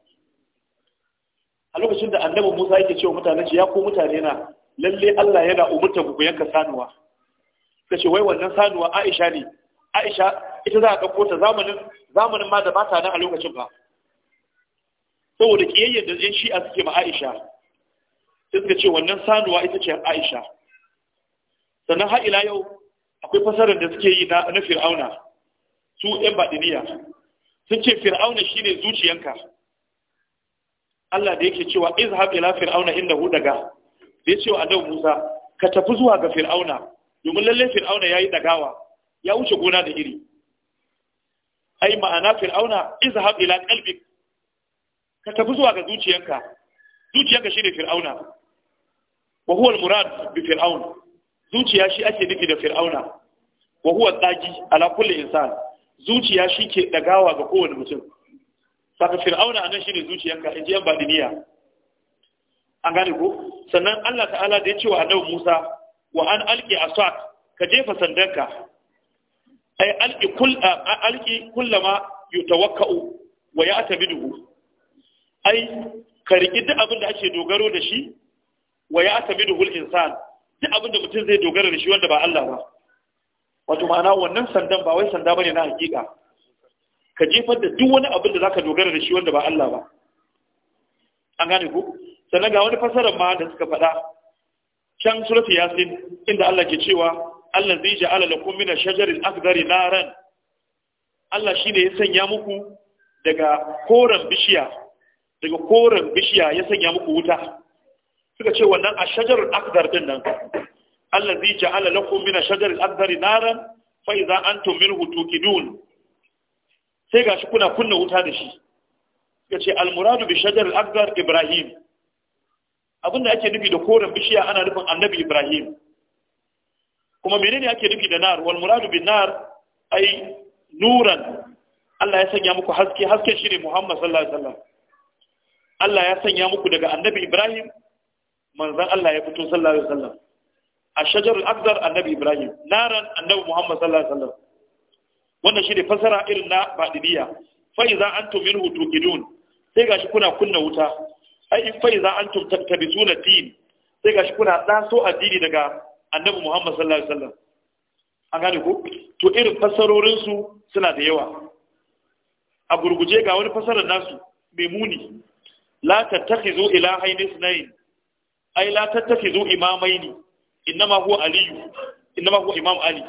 a lokacin da annabi Musa yake cewa mutane ya ko mutane na lalle Allah yana umurta ku yanka sanuwa ta ce wai wannan sanuwa Aisha ne Aisha ita za a ɗauko ta zamanin zamanin ma da ba ta nan a lokacin ba saboda kiyayyar da yan shi'a suke ma Aisha sai suka ce wannan sanuwa ita ce Aisha sannan har ila yau akwai fasarar da suke yi na Fir'auna su ‘yan baɗiniya sun ce fir'auna shi ne zuciyanka Allah da yake cewa izhab ila fir'auna inda hu daga da ya cewa adau Musa ka tafi zuwa ga fir'auna domin lalle fir'auna ya yi dagawa ya wuce gona da iri ai ma'ana fir'auna izhab ila qalbik ka tafi zuwa ga zuciyanka zuciyanka ne fir'auna wa huwa al-murad bi fir'aun zuciya shi ake nufi da fir'auna wa huwa tsagi ala kulli insani zuciya shi ke ɗagawa ga kowane mutum saka fir'auna a nan shi ne zuciyanka in ji yan badiniya an gane ko sannan allah ta'ala da ya ce wa annabi musa wa an alƙi aswak ka jefa sandanka ai alƙi alƙi kullama yutawakka'u wa ya'tabiduhu ai ka riƙi duk abin da ake dogaro da shi wa ya'tabiduhu al-insan duk abin da mutum zai dogara da shi wanda ba Allah ba wato ma'ana wannan sandan ba wai sanda bane na hakika ka jefar da duk wani abin da zaka dogara da shi wanda ba Allah ba an gane ku sannan ga wani fasara ma da suka faɗa can surati yasin inda Allah ke cewa Allah zai ja'ala lakum min ash-shajaril akhdari naran Allah shine ya sanya muku daga koren bishiya daga koren bishiya ya sanya muku wuta suka ce wannan ashajarul akhdar din nan allazi ja'ala lakum min ash-shajari al-akhdari naran fa idza antum minhu tuqidun sai gashi kuna kunna wuta da shi yace al-muradu bi shajar al-akhdar ibrahim abinda ake nufi da koren bishiya ana nufin annabi ibrahim kuma menene ake nufi da nar wal muradu bin nar ai nuran Allah ya sanya muku haske haske shi ne Muhammad sallallahu alaihi wasallam Allah ya sanya muku daga annabi Ibrahim manzon Allah ya fito sallallahu alaihi wasallam الشجر الأخضر النبي إبراهيم نارا النبي محمد صلى الله عليه وسلم wannan shi ne fasara irin na baɗiniya fa'iza an tum minhu tuqidun sai ga gashi kuna kunna wuta ai fa'iza an tum suna din sai ga gashi kuna ɗaso addini daga annabi Muhammad sallallahu alaihi wasallam an gane ku, to irin fasarorin suna da yawa a gurguje ga wani fasarar nasu mai muni la tattakhizu ilahayn ithnayn ai la tattakhizu imamaini innama huwa aliyu innama huwa imam ali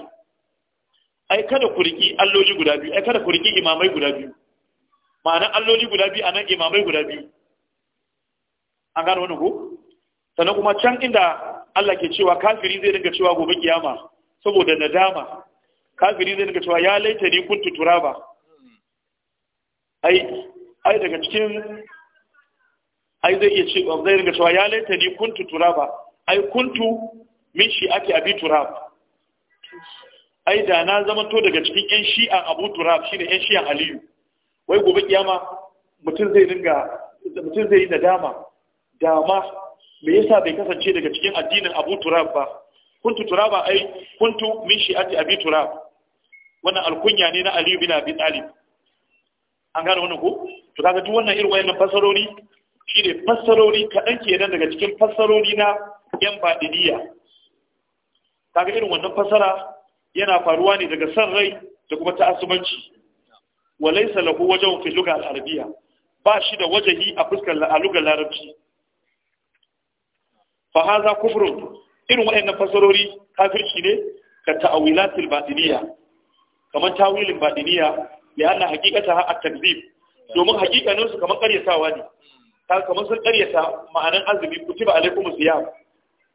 ai kada ku riki alloli guda biyu ai kada ku riki imamai guda biyu Ma'ana alloli guda biyu anan imamai guda biyu an gano wani ko sannan kuma can inda Allah ke cewa kafiri zai dinga cewa gobe kiyama saboda nadama kafiri zai dinga cewa ya laita ni kuntu turaba ai ai daga cikin ai zai iya cewa zai dinga cewa ya laita ni kuntu turaba ai kuntu min ake abi turab ai da na zamanto daga cikin yan shi'an abu turab shine yan shi'an aliyu wai gobe kiyama mutum zai dinga mutum zai yi nadama dama me yasa bai kasance daga cikin addinin abu turab ba kuntu turaba ai kuntu min ake abi turab wannan alkunya ne na aliyu bin abi talib an gane wannan ko to kaga duk wannan irin wayannan fassarori shine fassarori kaɗan nan daga cikin fassarori na yan badiniya kaga irin wannan fasara yana faruwa ne daga san rai da kuma ta'assubanci wa laysa lahu wajhun fi lugha al-arabiyya ba shi da wajahi a fuskar lugar larabci fa hadha kufrun irin wayannan fasarori kafirci ne ka ta'awilatil batiniyya kamar tawilin batiniya lianna ha at-takzib domin haqiqanin su kamar karyatawa ne kamar sun karyata ma'anan azumi kutiba alaikumus siyam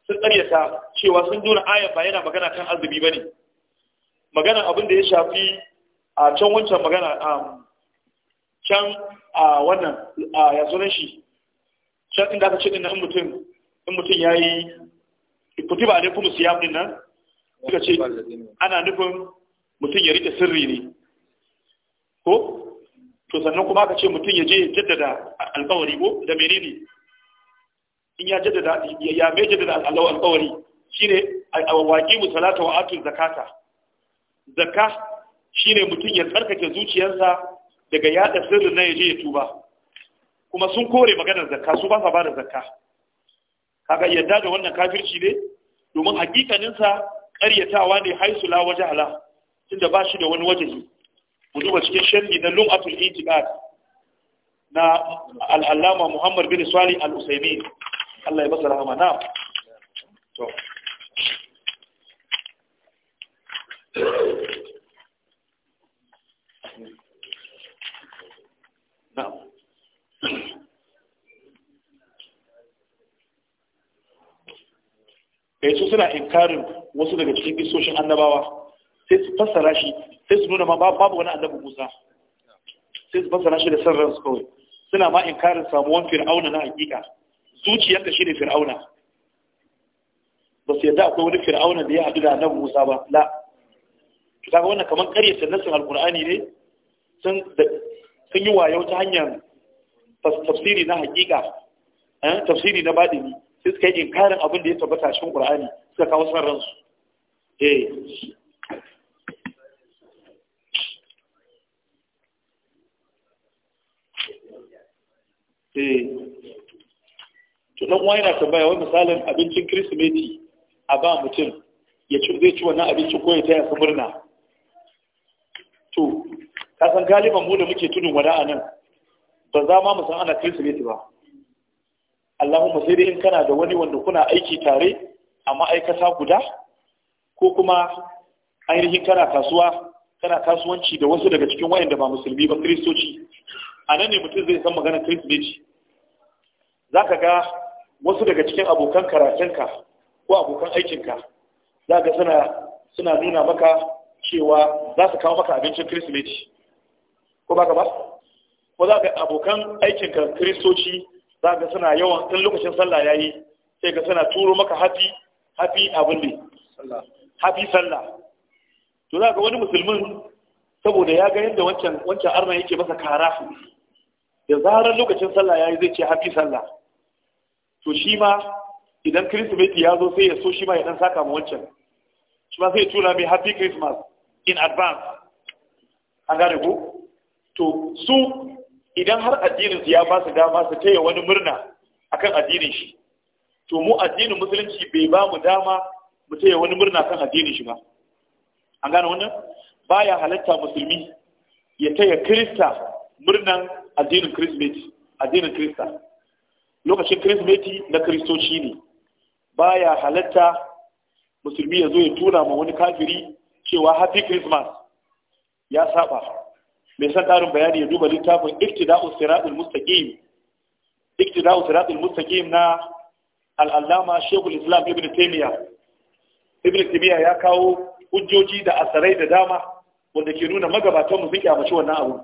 sun ƙaryata cewa sun nuna ayan ba yana magana kan azumi ba ne magana abin da ya shafi a can wancan magana a um, can a wannan a yasonan shi can inda aka ce ɗin in mutum in mutum ya yi ikuti ba alaikum siyam ɗin nan suka ce ana nufin mutum ya rike sirri ne ko to sannan kuma aka ce mutum ya je jaddada alƙawari ko da menene in ya jaddada ya mai jaddada al'alau alƙawari shine a waƙi mu salata wa atun zakata zakka shine mutum ya tsarkake zuciyarsa daga yada sirrin na yaje ya tuba kuma sun kore maganar zakka su ba sa ba da zakka kaga yadda da wannan kafirci ne domin hakikaninsa ƙaryatawa ne haisula waje hala tunda ba shi da wani wajehi mu duba cikin sharhi na lum'atul itiqad na al al-allama muhammad bin salih al-usaimin Allah ya masa rahama na to na eh suna inkarin wasu daga cikin isoshin annabawa sai su fassara shi sai su nuna ma babu wani annabi Musa sai su fassara shi da san ransu kawai suna ma inkarin samuwan fir'auna na hakika zuciyarka shi ne fir'auna ba su yadda akwai wani fir'auna da ya haɗu da annabi musa ba la Su kaga wannan kamar ƙaryata nassin alkur'ani ne sun sun yi wayo ta hanyar tafsiri na hakika eh, tafsiri na baɗini sai suka yi inkarin abin da ya tabbata cikin qur'ani suka kawo san ransu eh eh to dan uwa yana tambaya wai misalin abincin kirsimeti a ba mutum ya ci zai ci wannan abincin ko ya taya murna to ka san galiban mu da muke tunin wada a nan ba za ma mu san ana kirsimeti ba Allahumma sai dai in kana da wani wanda kuna aiki tare a ma'aikata guda ko kuma ainihin kana kasuwa kana kasuwanci da wasu daga cikin wayanda ba musulmi ba Kiristoci. a nan ne mutum zai san maganar kirsimeti za ka ga wasu daga cikin abokan karatunka ko abokan aikinka za ka suna suna nuna maka cewa za su kawo maka abincin kirsimeti ko ba ka ba ko za ka abokan aikinka kiristoci za ka suna yawan ɗin lokacin sallah ya yi sai ka suna turo maka hafi hafi abin ne hafi sallah to za ka wani musulmin saboda ya ga yadda wancan wancan arna yake masa kara da zarar lokacin sallah ya yi zai ce hafi sallah to shi ma idan Kirsimeti ya zo sai ya so shi ma ya dan saka mu wancan shi ma sai tura mai happy christmas in advance an gane ku? to su idan har addinin su ya ba su dama su taya wani murna akan addinin shi to mu addinin musulunci bai ba mu dama mu taya wani murna kan addinin shi ba an gane wannan baya halatta musulmi ya taya kirista murnan addinin Kirsimeti, addinin kirista lokacin kirismeti na kiristoci ne Ba ya halatta musulmi ya zo ya tura ma wani kafiri cewa happy christmas ya saba mai san karin bayani ya duba littafin iktida'u siratul mustaqim iktida'u siratul mustaqim na al'allama shekul islam ibn taymiya ibn taymiya ya kawo hujjoji da asarai da dama wanda ke nuna magabatan mu a kyamaci wannan abu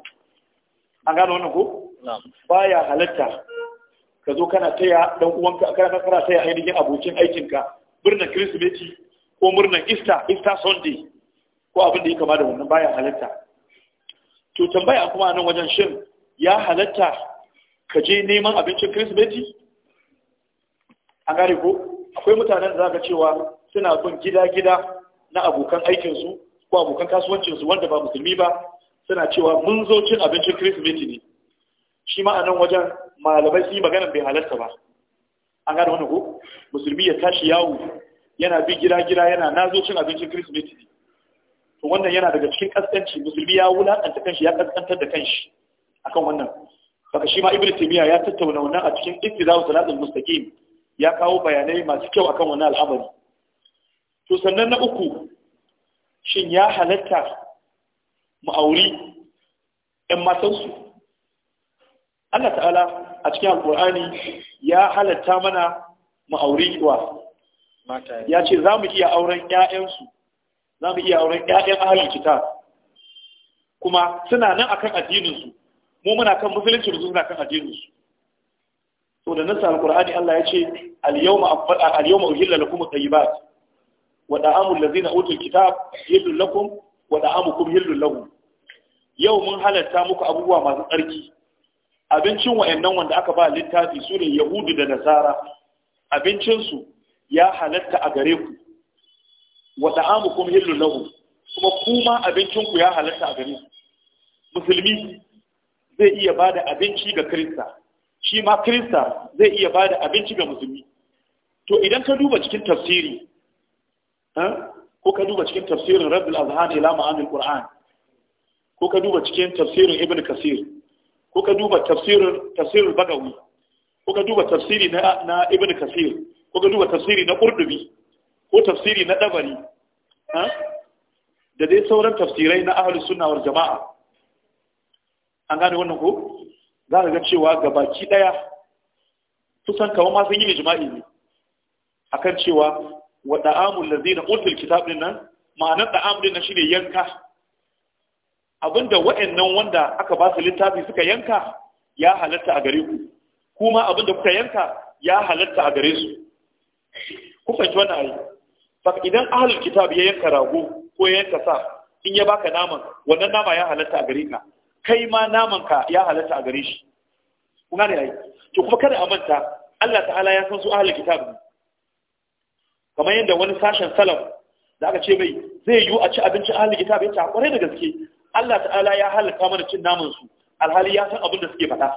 an gano wannan ko baya halatta ka zo kana taya dan uwanka kana kana taya ainihin abokin aikinka murnar Kirsimeti ko murnar Easter Easter Sunday ko abin da ya kama da wannan baya halatta to tambaya kuma nan wajen shin ya halatta ka je neman abincin Kirsimeti A gare ko akwai mutanen da za zaka cewa suna bin gida-gida na abokan aikinsu ko abokan kasuwancinsu wanda ba musulmi ba suna cewa mun zo cin abincin Kirsimeti ne shi ma a nan wajen malamai sun yi maganan bai halarta ba an gada wani ko musulmi ya tashi yawo yana bi gida-gida yana nazocin cin abincin kirsimeti to wannan yana daga cikin kaskanci musulmi ya wulakanta kanshi ya kaskantar da kanshi akan wannan baka shi ma ibnu taymiya ya tattauna wannan a cikin iktidau salatul mustaqim ya kawo bayanai masu kyau akan wannan al'amari to sannan na uku shin ya halatta mu auri ƴan matansu Allah ta'ala a cikin alkur'ani ya halatta mana ma'auri wa ya ce za mu iya auren ‘ya'yansu za mu iya auren ‘ya'yan ahalin kita kuma suna nan akan addininsu mu muna kan musulunci da suna kan addininsu so da nasa alkur'ani Allah ya ce al-yawma uhilla lakum at-tayyibat wa da'amul ladzina utul kitab hillul wa da'amukum hillul yau mun halatta muku abubuwa masu tsarki abincin wa'annan wanda aka ba littafi su ne yahudu da nasara abincinsu ya halatta a gare ku wa kuma hillu lahu kuma kuma abincinku ya halatta a gare ku musulmi zai iya ba da abinci ga kirista shi ma kirista zai iya ba da abinci ga musulmi to idan ka duba cikin tafsiri ko ka duba cikin tafsirin rabbul azhar ila ma'anil qur'an ko ka duba cikin tafsirin ibn kasir ko ka duba tafsirin tafsirul bagawi ko ka duba tafsiri na na ibnu kasir ko ka duba tafsiri na qurdubi ko tafsiri na dabari ha da dai sauran tafsirai na ahlus sunna wal jamaa an gane wannan ko za ka ga cewa gabaki daya kusan kawai ma sun yi ijma'i ne akan cewa wa da'amul ladina utul kitab din nan ma'anar da'am din shine yanka abinda wa'annan wanda aka ba su littafi suka yanka ya halatta a gare ku kuma abinda kuka yanka ya halatta a gare su ku fahimci wannan ayi fa idan ahlul kitab ya yanka rago ko ya yanka sa in ya baka naman wannan nama ya halatta a gare ka kai ma naman ka ya halatta a gare shi ku gane ayi to kuma kada a manta Allah ta'ala ya san su ahlul kitab ne kamar yadda wani sashen salaf da aka ce mai zai yiwu a ci abinci ahlul kitab ya ta kware da gaske Allah ta'ala ya halatta mana cin naman su alhali ya san abin da suke faɗa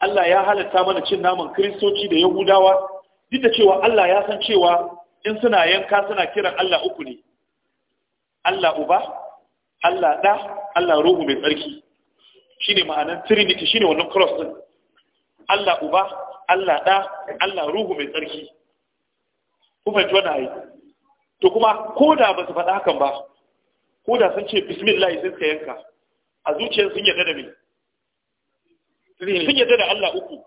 Allah ya halatta mana cin naman kristoci da yahudawa duk da cewa Allah ya san cewa in suna yanka suna kiran Allah uku ne Allah uba Allah ɗa Allah ruhu mai tsarki shine ma'anar trinity shine wannan cross din Allah uba Allah ɗa Allah ruhu mai tsarki ku fahimci wannan ai to kuma ko da ba su faɗa hakan ba ko da sun ce bismillah sai suka yanka a zuciyar sun yarda da me sun yarda da Allah uku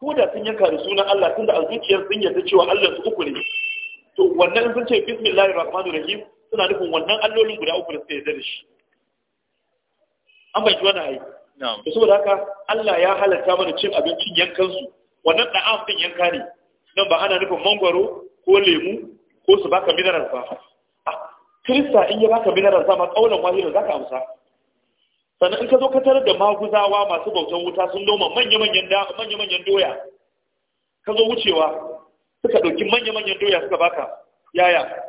ko da sun yanka da sunan Allah tunda a zuciyar sun yarda cewa Allah su uku ne to wannan sun ce bismillahir rahmanir rahim suna nufin wannan allolin guda uku da suka yarda da shi an bai wani ayi da saboda haka Allah ya halatta mana cin abincin yankansu wannan da'am din yanka ne nan ba ana nufin mangwaro ko lemu ko su baka mineral ba kirista in ya baka minarar ƙaunar kaulan za ka amsa sannan in ka zo ka tarar da maguzawa masu bautan wuta sun noma manya-manyan doya ka zo wucewa suka ɗauki manya-manyan doya suka baka yaya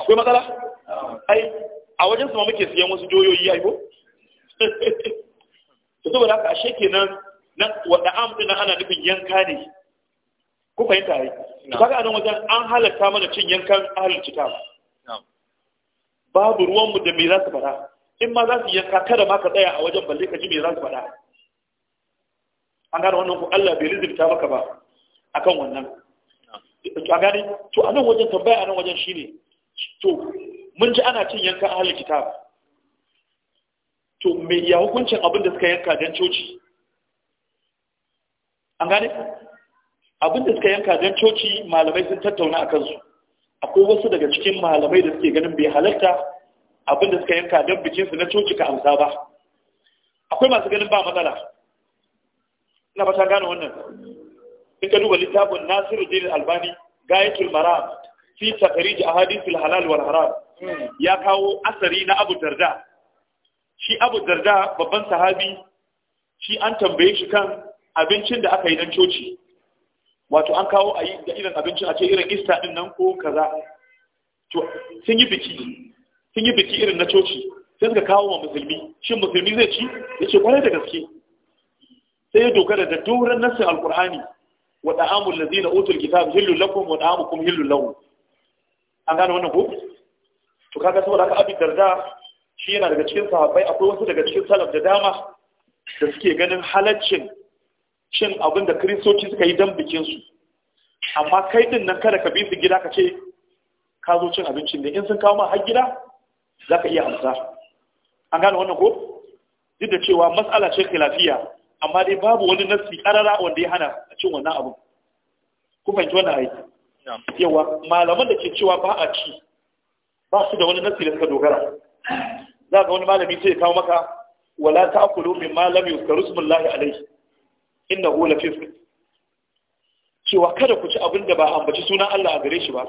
akwai matsala ai a wajen su ma muke siyan wasu doyoyi ya yiwu da saboda haka ashe kenan nan wadda amfin nan ana nufin yanka ne ku fahimta ai kaga anan wajen an halatta mana cin yankan ahalin kitab babu ruwanmu da me za su faɗa in ma za su yanka kada ma ka tsaya a wajen balle ka ji me za su faɗa an gane wannan ku Allah bai rizurta maka ba akan wannan a gane to a nan wajen tambaya a nan wajen shi ne to mun ji ana cin yanka a halin kitab to mai ya hukuncin abin da suka yanka don coci an gane abin da suka yanka don coci malamai sun tattauna a kansu akwai wasu daga cikin malamai da suke ganin bai halarta abin da suka yanka don su na coci ka amsa ba akwai masu ganin ba matsala na fata gane wannan in ka duba littafin nasiru dinin albani gayatul maram fi takarij ahadithul halal wal haram ya kawo asari na abu darda shi abu darda babban sahabi shi an tambaye shi kan abincin da aka yi dan coci wato an kawo a yi da irin abincin a ce irin ista din nan ko kaza to sun yi biki sun yi biki irin na coci sai suka kawo wa musulmi shin musulmi zai ci ya ce kwarai da gaske sai ya dogara da doron nassin alkur'ani wa da'amul ladina utul kitab hillu lakum wa da'amukum hillu lahum an gane wannan ko to kaga saboda haka abin darda shi yana daga cikin sahabbai akwai wasu daga cikin salaf da dama da suke ganin halaccin shin abin da kiristoci suka yi don bikinsu amma kai din nan kada ka bi su gida ka ce ka zo cin abincin ne in sun kawo ma har gida za ka iya amsa an gane wannan ko duk da cewa matsala ce lafiya, amma dai babu wani nassi karara wanda ya hana a cin wannan abu ku fahimci wannan aiki yawa malaman da ke cewa ba a ci ba su da wani nassi da suka dogara za ga wani malami sai ya kawo maka wala ta'kulu min ma lam yuzkaru smullahi alayhi inna hu la fisq cewa kada ku ci abin da ba ambaci sunan Allah a gare shi ba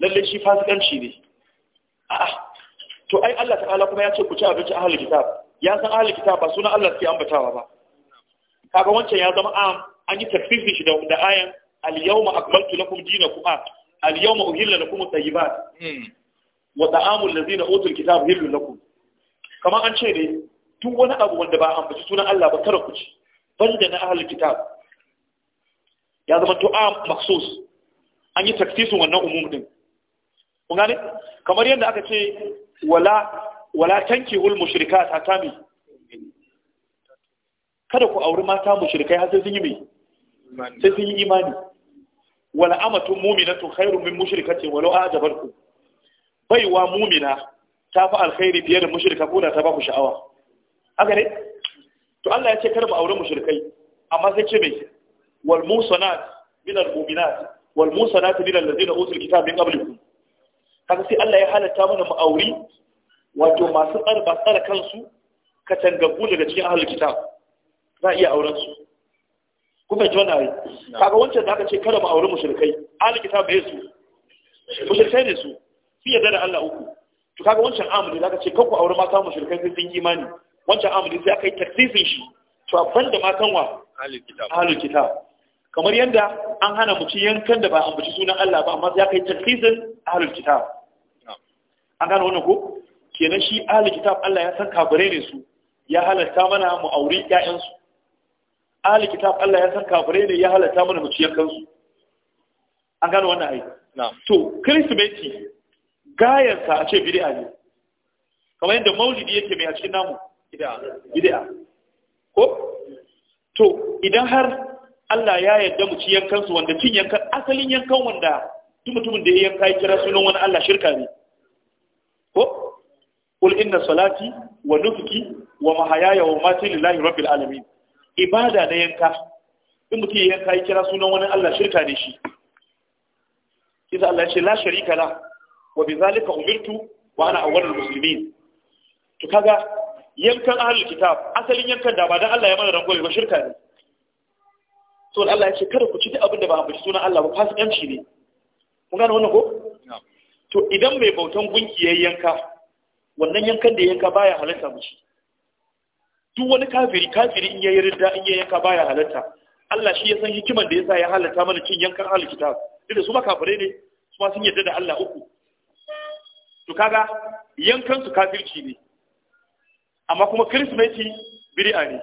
lalle shi fasikanci ne a'a to ai Allah ta'ala kuma ya ce ku ci abinci halin kitab ya san ahlul kitab ba sunan Allah suke ambatawa ba kaga wancan ya zama a an yi tafsiri shi da da ayan al-yawma akmaltu lakum dinakum a ah, al-yawma uhilla lakum at-tayyibat hmm. wa ta'amu allazina utul kitab hillu lakum kamar an ce ne tun wani abu wanda ba ambaci sunan Allah ba kada ku ci banda na ahlul kitab ya zama to am maksus an yi taksisin wannan umum din kun gane kamar yadda aka ce wala wala tankihul mushrikat hatta mi kada ku auri mata mushrikai har sai sun yi mai sai sun yi imani wala amatu mu'minatu khairun min mushrikatin walau ajabarku. baiwa mu'mina ta fi alkhairi fiye da mushrika ko da ta ba ku sha'awa haka ne to Allah ya ce kar mu aure mushrikai amma sai ce mai wal musanat min al mu'minat wal musanat min allazina utul kitab min qablikum kaga sai Allah ya halatta mana mu aure wato masu tsarba tsara kansu tangabu daga cikin ahlul kitab za iya auren su ku fahimci wannan ai kaga wancan da aka ce kar mu aure mushrikai ahlul kitab bai su mushrikai ne su fiye da Allah uku to kaga wancan amuri da aka ce kanku aure mata mushrikai sai sun imani wancan amri sai aka yi taksisin shi to abban da matan wa ahlul kitab kamar yadda an hana mutu yankan da ba a mutu sunan Allah ba amma sai aka yi taksisin halin kitab an gano wannan ko kenan shi halin kitab Allah ya san kafirai ne su ya halatta mana mu aure ƴaƴan su ahlul kitab Allah ya san kafirai ne ya halatta mana mutu yankan su an gano wannan ai to krismeti gayarsa a ce bid'a ne kamar yadda maulidi yake mai a cikin namu bid'a ko to idan har Allah ya yarda mu ci yankan su wanda cin yankan asalin yankan wanda duk mutumin da ya yanka ya kira sunan wani Allah shirka ne ko qul inna salati wa nusuki wa mahayaya wa mati lillahi rabbil alamin ibada da yanka in mutum ya yanka ya kira sunan wani Allah shirka ne shi kisa Allah ya ce la sharika la wa bi zalika umirtu wa ana awwalul muslimin to kaga yankan ahlul kitab asalin yankan da ba dan Allah ya mana rangon ba shirka ne so Allah ya ce kada ku ci duk abin da ba ambaci sunan Allah ba fasikanci ne Kun gane wannan ko to idan mai bautan gunki yayin yanka wannan yankan da yanka baya halarta mu ci duk wani kafiri kafiri in yayi ridda in ya yanka baya halarta Allah shi ya san hikiman da yasa ya halarta mana cin yankan ahlul kitab duk su ba kafirai ne su ma sun yarda da Allah uku to kaga yankan su kafirci ne amma kuma kirismeti bid'a ne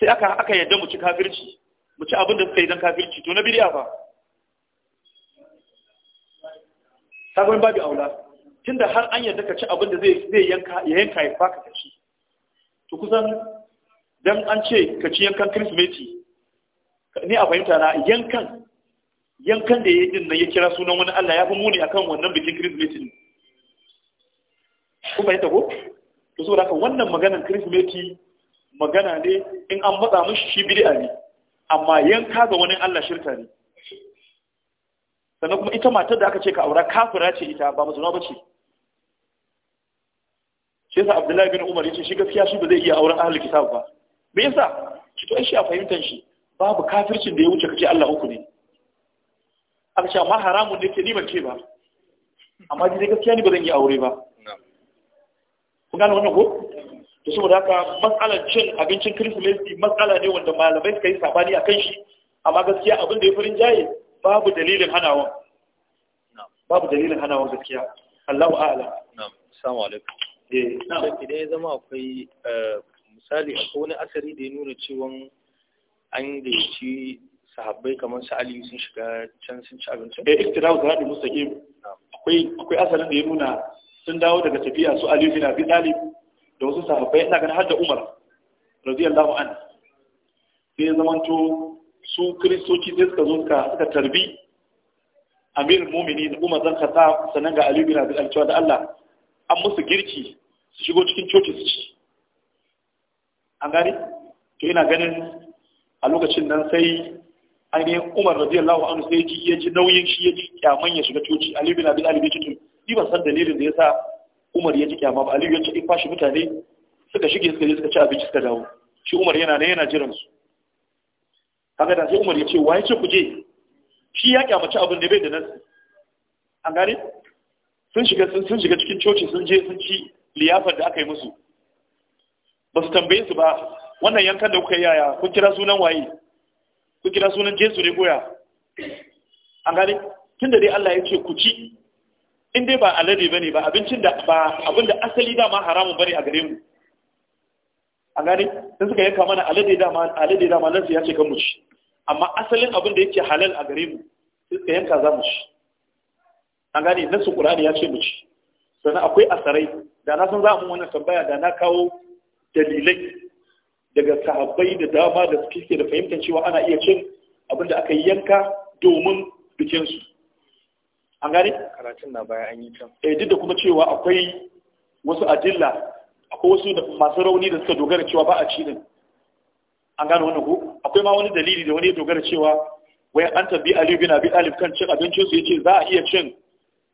sai aka aka yadda mu ci kafirci mu ci abin da suka yi don kafirci to na bid'a ba sabon babu aula da har an yadda ka ci abin da zai yanka ya yanka ya ka ci to kusan don an ce ka ci yankan kirismeti ni a fahimta na yankan yankan da ya yi dinna ya kira sunan wani Allah ya fi muni akan wannan bikin kirismeti ne. kuma ya tago to saboda haka wannan maganan kirsimeti magana ne in an matsa mishi shi bid'a ne amma yanka ga wani Allah shirka ne sannan kuma ita matar da aka ce ka aura kafira ce ita ba musulma bace shi yasa Abdullahi bin Umar yace shi gaskiya shi ba zai iya auren ahlul kitab ba me yasa shi to shi a fahimtar shi babu kafircin da ya wuce kace Allah uku ne aka ce amma haramun ne ke ni ban ce ba amma dai gaskiya ni ba zan yi aure ba kun wani wannan ko to saboda haka matsalar cin abincin kirsimeti matsala ne wanda malamai suka yi sabani a kan shi amma gaskiya abin da ya farin jaye babu dalilin hanawa babu dalilin hanawa gaskiya Allahu a'ala na'am assalamu alaikum eh na'am idan ya zama akwai eh, misali akwai wani asari da ya nuna cewa an gaici sahabbai kamar su Ali sun shiga can sun ci abincin eh da zadi mustaqim akwai akwai asalin da ya nuna sun dawo daga tafiya su Ali bin Abi Talib da wasu sahabbai ina ganin har da Umar radiyallahu anhu sai zamanto su kristoci sai suka zo suka suka tarbi Amir Muminin Umar zan kasa sanan ga Ali bin Abi Talib cewa da Allah an musu girki su shigo cikin coci su ci an gani to ina ganin a lokacin nan sai ainihin Umar radiyallahu anhu sai ya ji nauyin shi ya ji kyaman ya shiga coci Ali bin Abi Talib ya ce shi ban san dalilin da ya sa umar ya ji kyama ba aliyu ya ce in fashi mutane suka shige suka je suka ci abinci suka dawo shi umar yana ne yana jiran su haka da sai umar ya ce waye ce ku je shi ya kyamaci abin da bai da nan an gane sun shiga sun shiga cikin coci sun je sun ci liyafar da aka yi musu ba su tambaye su ba wannan yankan da kuka yaya kun kira sunan waye kun kira sunan Jesu ne goya an gane tunda dai Allah ya ce ku ci in dai ba alade bane ba abincin da ba abinda asali dama haramun bane a gare mu a gane sun suka yanka mana alade dama alade dama nan ya ce kan mu ci amma asalin abin da yake halal a gare mu sun suka yanka za mu ci an gane nan su qur'ani ya ce mu ci sannan akwai asarai da na san za mu wannan tambaya da na kawo dalilai daga sahabbai da dama da suke da fahimtar cewa ana iya cin abin da aka yanka domin bikinsu an gane karatun na baya an yi can eh duk da kuma cewa akwai wasu adilla akwai wasu masu rauni da suka dogara cewa ba a ci din an gane wannan ko akwai ma wani dalili da wani ya dogara cewa wai an tabbi aliyu bin abi alif kan cin abincin su yace za a iya cin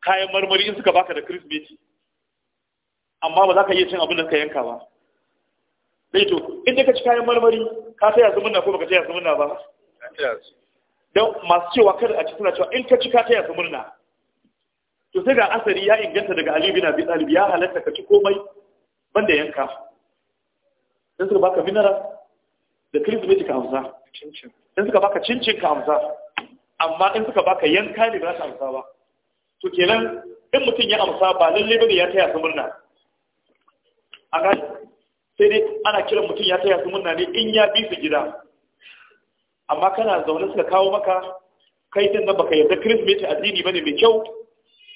kayan marmari in suka baka da krismeti amma ba za ka iya cin abin da suka yanka ba dai eh, to in ka ci kayan marmari ka taya su murna ko baka taya su murna ba don masu cewa kada a ci suna cewa in ka ci ka taya su murna to sai ga asari ya inganta daga Ali bin Abi Talib ya halatta ka ci komai banda yanka dan suka baka minara da kirismeti ka amsa dan suka baka cincin ka amsa amma in suka baka yanka ne ba za ka amsa ba to kenan in mutum ya amsa ba lalle bane ya taya su murna a ga sai dai ana kiran mutum ya taya su murna ne in ya bi su gida amma kana zaune suka kawo maka kai din da baka yarda kirismeti addini bane mai kyau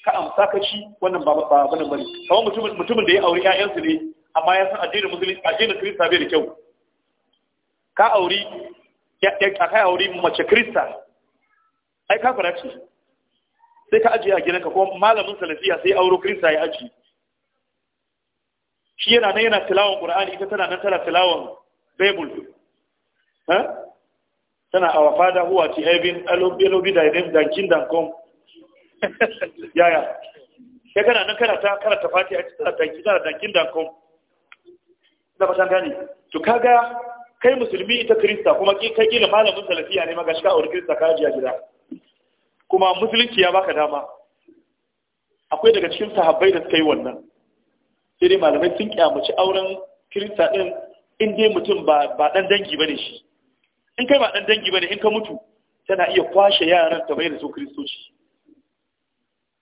ka amsa ka ci wannan ba ba bane bane kamar mutumin mutumin da ya auri 'ya'yansu ne amma ya san addinin musulunci addinin kirista bai da kyau ka auri ya ka auri mace kirista ai ka fara ce sai ka ajiye a gidanka ko malamin salafiya sai auro kirista ya ajiye shi yana nan yana tilawon qur'ani ita tana nan tana tilawan bible ha tana awafada huwa ti ebin alobi alobi da idan dankin dankom yaya sai kana nan kana ta karanta fati a cikin tanki da tankin kan da fatan gane to kaga kai musulmi ita krista kuma kai kila malamin salafiya ne maka shika aure krista ka jiya gida kuma musulunci ya baka dama akwai daga cikin sahabbai da suka yi wannan sai dai malamai sun kyamaci auren krista din in dai mutum ba dan dangi bane shi in kai ba dan dangi bane in ka mutu tana iya kwashe yaran ta bai da su kristoci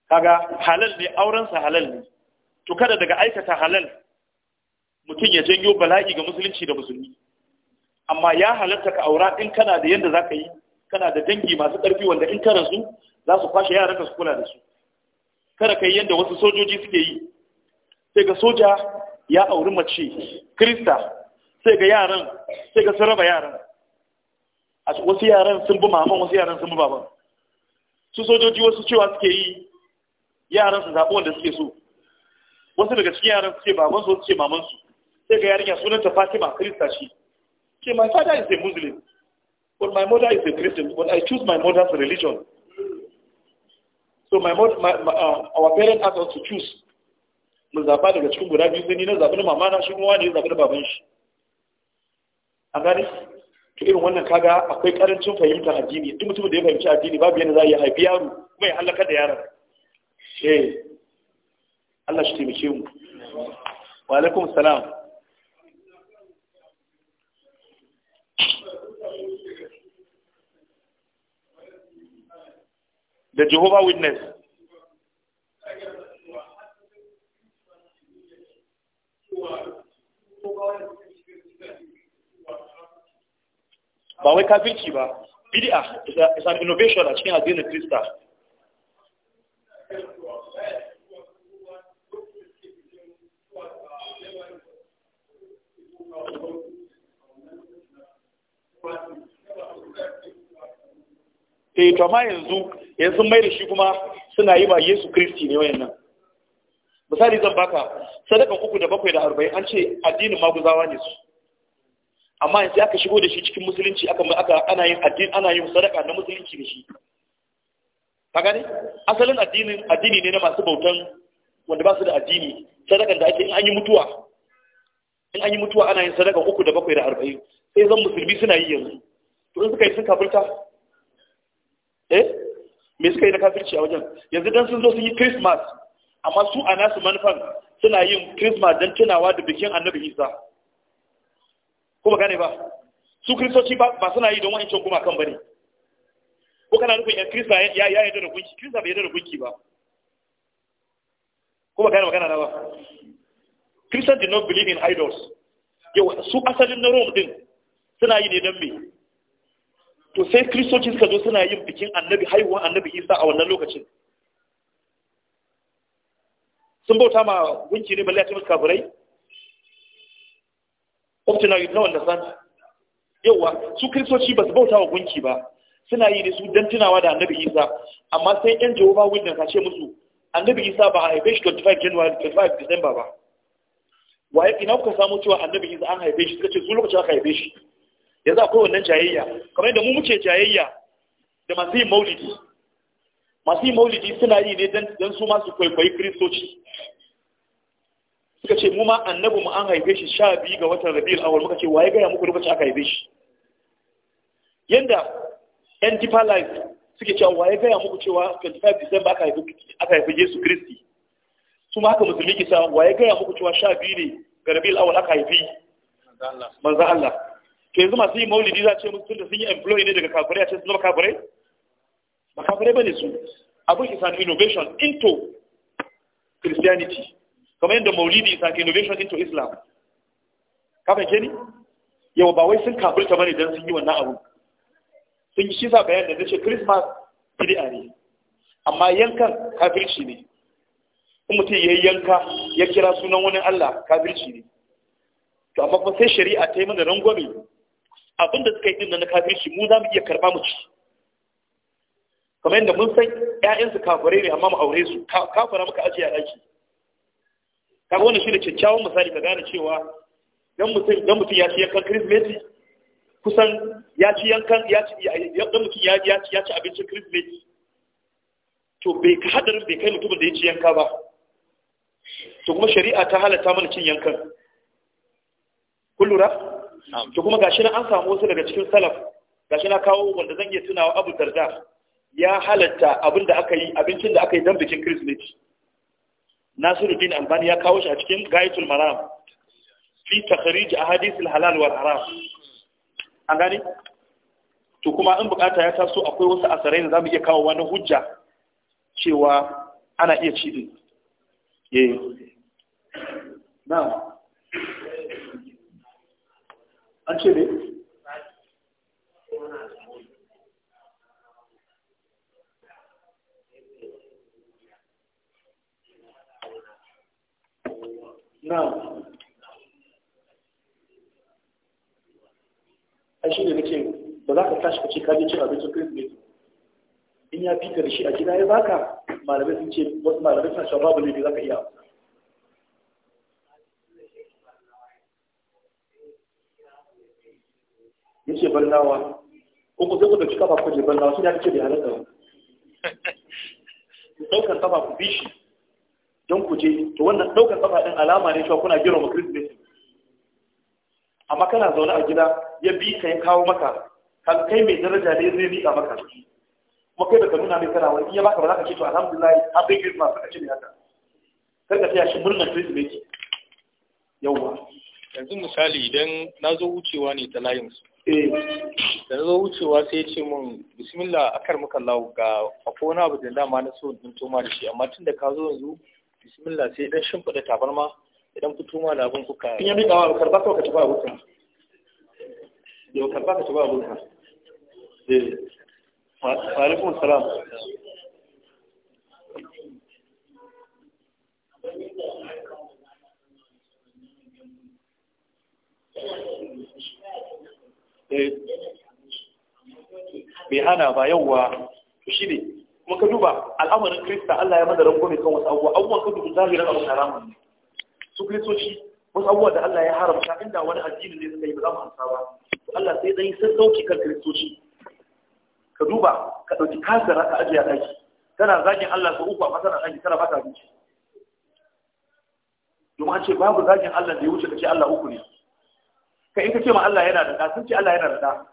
kaga halal ne aurensa halal ne to kada daga aikata halal mutum ya janyo bala'i ga musulunci da musulmi amma ya halarta ka aura in kana da yadda za ka yi kana da dangi masu ƙarfi wanda in kana su za su kwashe yaran ka su kula da su kada ka yi yadda wasu sojoji suke yi sai ga soja ya auri mace krista sai ga yaran sai ga sun raba yaran a wasu yaran sun bi maman wasu yaran sun bi baban su sojoji wasu cewa suke yi yaran su zaɓi wanda suke so wasu daga cikin yaran suke baban su suke maman su sai ga yarinya sunanta Fatima Krista shi ke my father is a Muslim but my mother is a Christian but I choose my mother's religion so my mother my, my, uh, our parents asked us to choose mu zaɓa daga cikin guda biyu sai ni na zaɓi na mama na shi kuma wani ya zaɓi na baban shi A gani to irin wannan kaga akwai karancin fahimtar addini duk mutumin da ya fahimci addini babu yadda za a yi haifi yaro kuma ya halaka da yaron eh Allah shi taimake mu wa alaikum salam da Jehovah Witness ba wai kafirci ba bid'a is an innovation a cikin addinin Kirista eh to ma yanzu yanzu mai da shi kuma suna yi ba Yesu Kristi ne wayannan misali zan baka sadakan uku da bakwai da arba'in an ce addinin maguzawa ne su amma yanzu aka shigo da shi cikin musulunci aka aka ana yin addini ana yin sadaka na musulunci da shi ka gani asalin addini ne na masu bautan wanda ba su da addini sadakan da ake in an yi mutuwa in an yi mutuwa ana yin sadaka uku da bakwai da arba'in sai zan musulmi suna yi yanzu to in suka yi sun kafirta eh me suka yi na kafirci a wajen yanzu dan sun zo sun yi christmas amma su a nasu manufan suna yin christmas don tunawa da bikin annabi isa ko ba gane ba su kristoci ba suna yi don wa'ancan kuma kan bane ko kana nufin yan krista ya yarda da gunki krista bai yarda da gunki ba ko ba gane magana na ba Christians did not believe in idols. Yau su asalin na Rome din suna yi ne don me. To sai Kiristoci suka zo suna yin bikin annabi haihuwa annabi Isa a wannan lokacin. Sun bauta ma gunki ne balle a cikin kafirai? Up to now you don't understand. Yauwa su Kiristoci ba su bauta wa gunki ba. Suna yi ne su don tunawa da annabi Isa. Amma sai 'yan Jehovah Witness a ce musu annabi Isa ba a haife shi 25 January 25 December ba. waye ina kuka samu cewa annabi Isa an haife shi suka ce su lokacin aka haife shi yanzu akwai wannan jayayya kamar yadda mu muke jayayya da masu yin maulidi masu yin maulidi suna yi ne don su masu kwaikwayi kiristoci suka ce mu ma annabi mu an haife shi sha biyu ga watan rabi'ul awal muka ce waye gaya muku lokacin aka haife shi yanda yan deeper life suke cewa waye gaya muku cewa 25 december aka haifi yesu kristi su haka musulmi kisa waye gaya muku cewa sha biyu ne ga rabiul aka haifi manzo Allah to yanzu masu yi maulidi za ce musu tunda sun yi employee ne daga kafirai a ce sun zama kafirai ba kafirai bane su abin is an innovation into christianity kamar yadda maulidi is an innovation into islam ka ke ni yau ba wai sun kafirta ne don sun yi wannan abu sun yi shi sa bayan da zai ce christmas bid'a ne amma yankan kafirci ne in mutum ya yanka ya kira sunan wani Allah kafirci ne to amma kuma sai shari'a ta yi mana rangwame da suka yi din na kafirci mu za mu iya karba mu ci kamar yadda mun san ƴaƴansu kafirai ne amma mu aure su kafara muka ajiye a ɗaki kaga wannan shine kyakkyawan misali ka gane cewa dan mutum dan mutum ya ci yankan Kirsimeti, kusan ya ci yankan ya ci dan mutum ya ci ya ci abincin Kirsimeti. to bai hadarin bai kai mutumin da ya ci yanka ba to kuma shari'a ta halatta mana cin yankan kullura to kuma gashi na an samu wasu daga cikin salaf gashi na kawo wanda zan iya tunawa abu darda ya halatta abin da aka yi abincin da aka yi dan bikin kirsimeti nasiruddin albani ya kawo shi a cikin gayatul maram fi takhrij ahadith halal wal haram an gani? to kuma in bukata ya taso akwai wasu asarai da zamu iya kawo wani hujja cewa ana iya ci din eh na an ce ne na a shi ne ce za ka in ya da shi a gida ya baka malamai sun ce wasu malamai suna shawarar babu ne za ka ya ballawa ko ku sai ku kafa ku je ballawa shi ne ake da halatta ba daukar kafa ku bi shi don ku je to wannan daukar kafa din alama ne cewa kuna girma kirsimeti amma kana zaune a gida ya bi ka ya kawo maka kan kai mai daraja ne zai miƙa maka kuma kai baka nuna mai kana wani in ya baka ba za ka ce to alhamdulillah happy christmas ka ce ne haka kar ka tsaya shi murnar kirsimeti yauwa yanzu misali idan na zo wucewa ne ta layinsu Eh, da zo wucewa sai ya ce min bismillah akar muka lawo ga akwai wani abu da dama na so in toma da shi amma tun da ka zo yanzu bismillah sai dan shimfiɗa tabarma idan fito ma da abin kuka kin ya miƙa wa karba kawai ka tafi abokan yau karba ka tafi ka eh wa alaikum salam Eh, bai hana ba yawwa to shi ne kuma ka duba al'amarin krista Allah ya madara gobe kan wasu abubuwa abubuwan ka duba zahirin abu haramun ne su kristoci wasu abuwa da Allah ya haramta inda wani addini ne suka yi ba za mu hamsa ba Allah sai dai sun sauki kan kristoci ka duba ka dauki kasara ka ajiye a tana zagin Allah ko uku a masana daki tana ba abinci domin an ce babu zagin Allah da ya wuce ka ce Allah uku ne ka in ka ce ma Allah yana da ɗa, sun ce Allah yana da ɗa.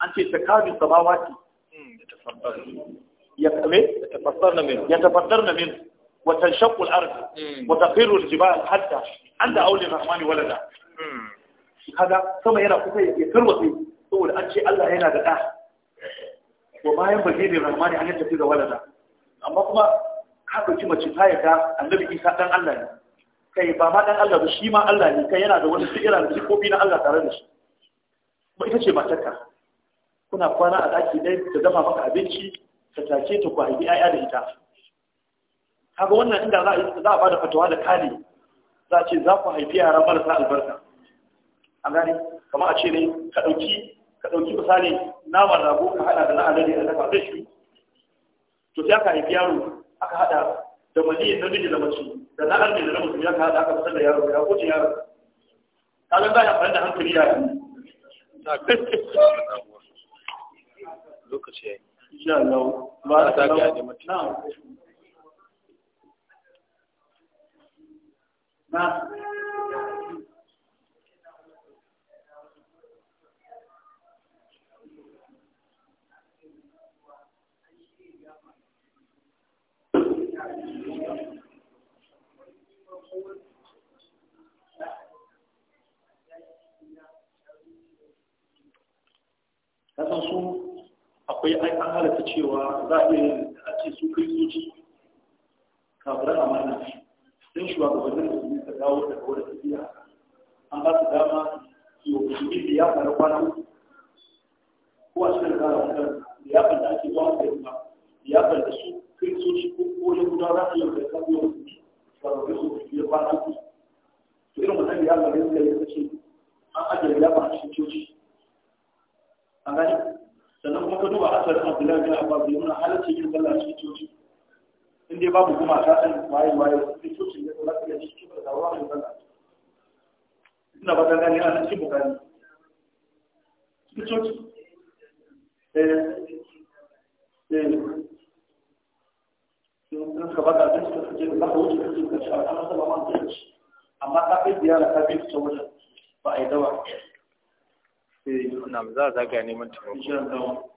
an ce ta kamin samawati hmm, ya kame ya tafaddar na min wa tanshaqqu al-ard hmm. wa taqiru al-jibal hatta anda awli rahmani walada hmm. Kada sama yana kusa ya tarwatsi saboda an ce Allah yana da ɗa. wa bayan bagire rahmani an tafi da walada amma kuma ka dauki mace ta yadda annabi Isa dan Allah ne kai ba ma dan Allah ba shi ma Allah ne kai yana da wani sigira da sifofi na Allah tare da shi kuma ita ce matarka kuna kwana a daki dai ta dama maka abinci ta take ta ku haifi ƴaƴa da ita kaga wannan inda za a za a bada fatawa da kale za a ce za ku haifi yara marasa albarka a gani kamar a ce ne ka ɗauki ka ɗauki misali naman rago ka haɗa da na da a dafa zai shi to sai aka haifi yaro aka haɗa da maniyin namiji da mace da na arme da na aka aka fitar da yaro ya koce yaro kaga za a amfani da hankali lokaci ya yi insha Allah ba ga da mutum na kasan su akwai an halatta cewa za a iya a ce su kristoci kafiran amana sun shugabannin da su ka dawo daga wani tafiya an ba su dama yau musulmi da ya fara kwana ko a cikin gara wannan da ya fara ake zuwa da yamma da ya fara su kristoci ko ko guda za su yi da kafiran su ba da su ya kwana to irin wannan da ya fara yin da ya ce asar abdullahi bin abbas ya nuna halaccin yin sallah cikin coci in dai babu kuma ta san waye waye cikin coci, da za su iya cikin da ina ba ta gani a cikin bukari cikin coci eh eh in ka baka abin da zaka wuce ka ci a kan man ta amma ta kai ziyara ta bi ta wajen ba a yi dawa eh za a zagaya neman taimako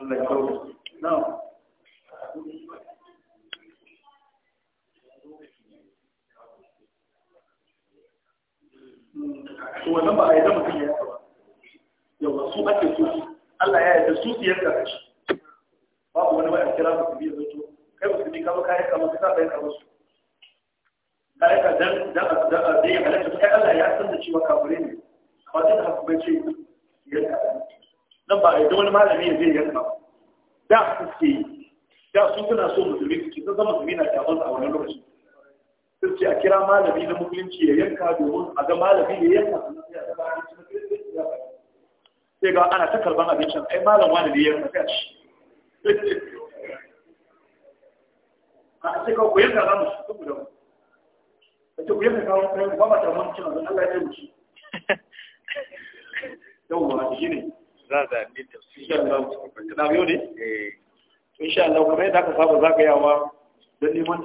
wannan ba a yi mutum ya ba yawa su ake so Allah ya su siyar da shi babu wani ba a kira su biyu zai kai musulmi ka ba kai ka ba ka ba ka su kai ka dan da da da ya halatta kai Allah ya san da cewa ne amma duk haka bai ce yarda nan ba a yadda wani malami ya zai yanka da su suke yi da sun suna so musulmi su ce sun zama musulmi na kyamansa a wani lokaci sun ce a kira malami na musulunci ya yanka domin a ga malami ya yanka sai ga ana ta karban abincin ai malam wani ne ya yanka sai a ci a sai kawai ku yanka za mu shi saboda mu a ce ku yanka kawo kayan ba ma ta wani cin abin Allah ya yi mu shi yawwa shi ne za ga ne insha ne eh aka saba don neman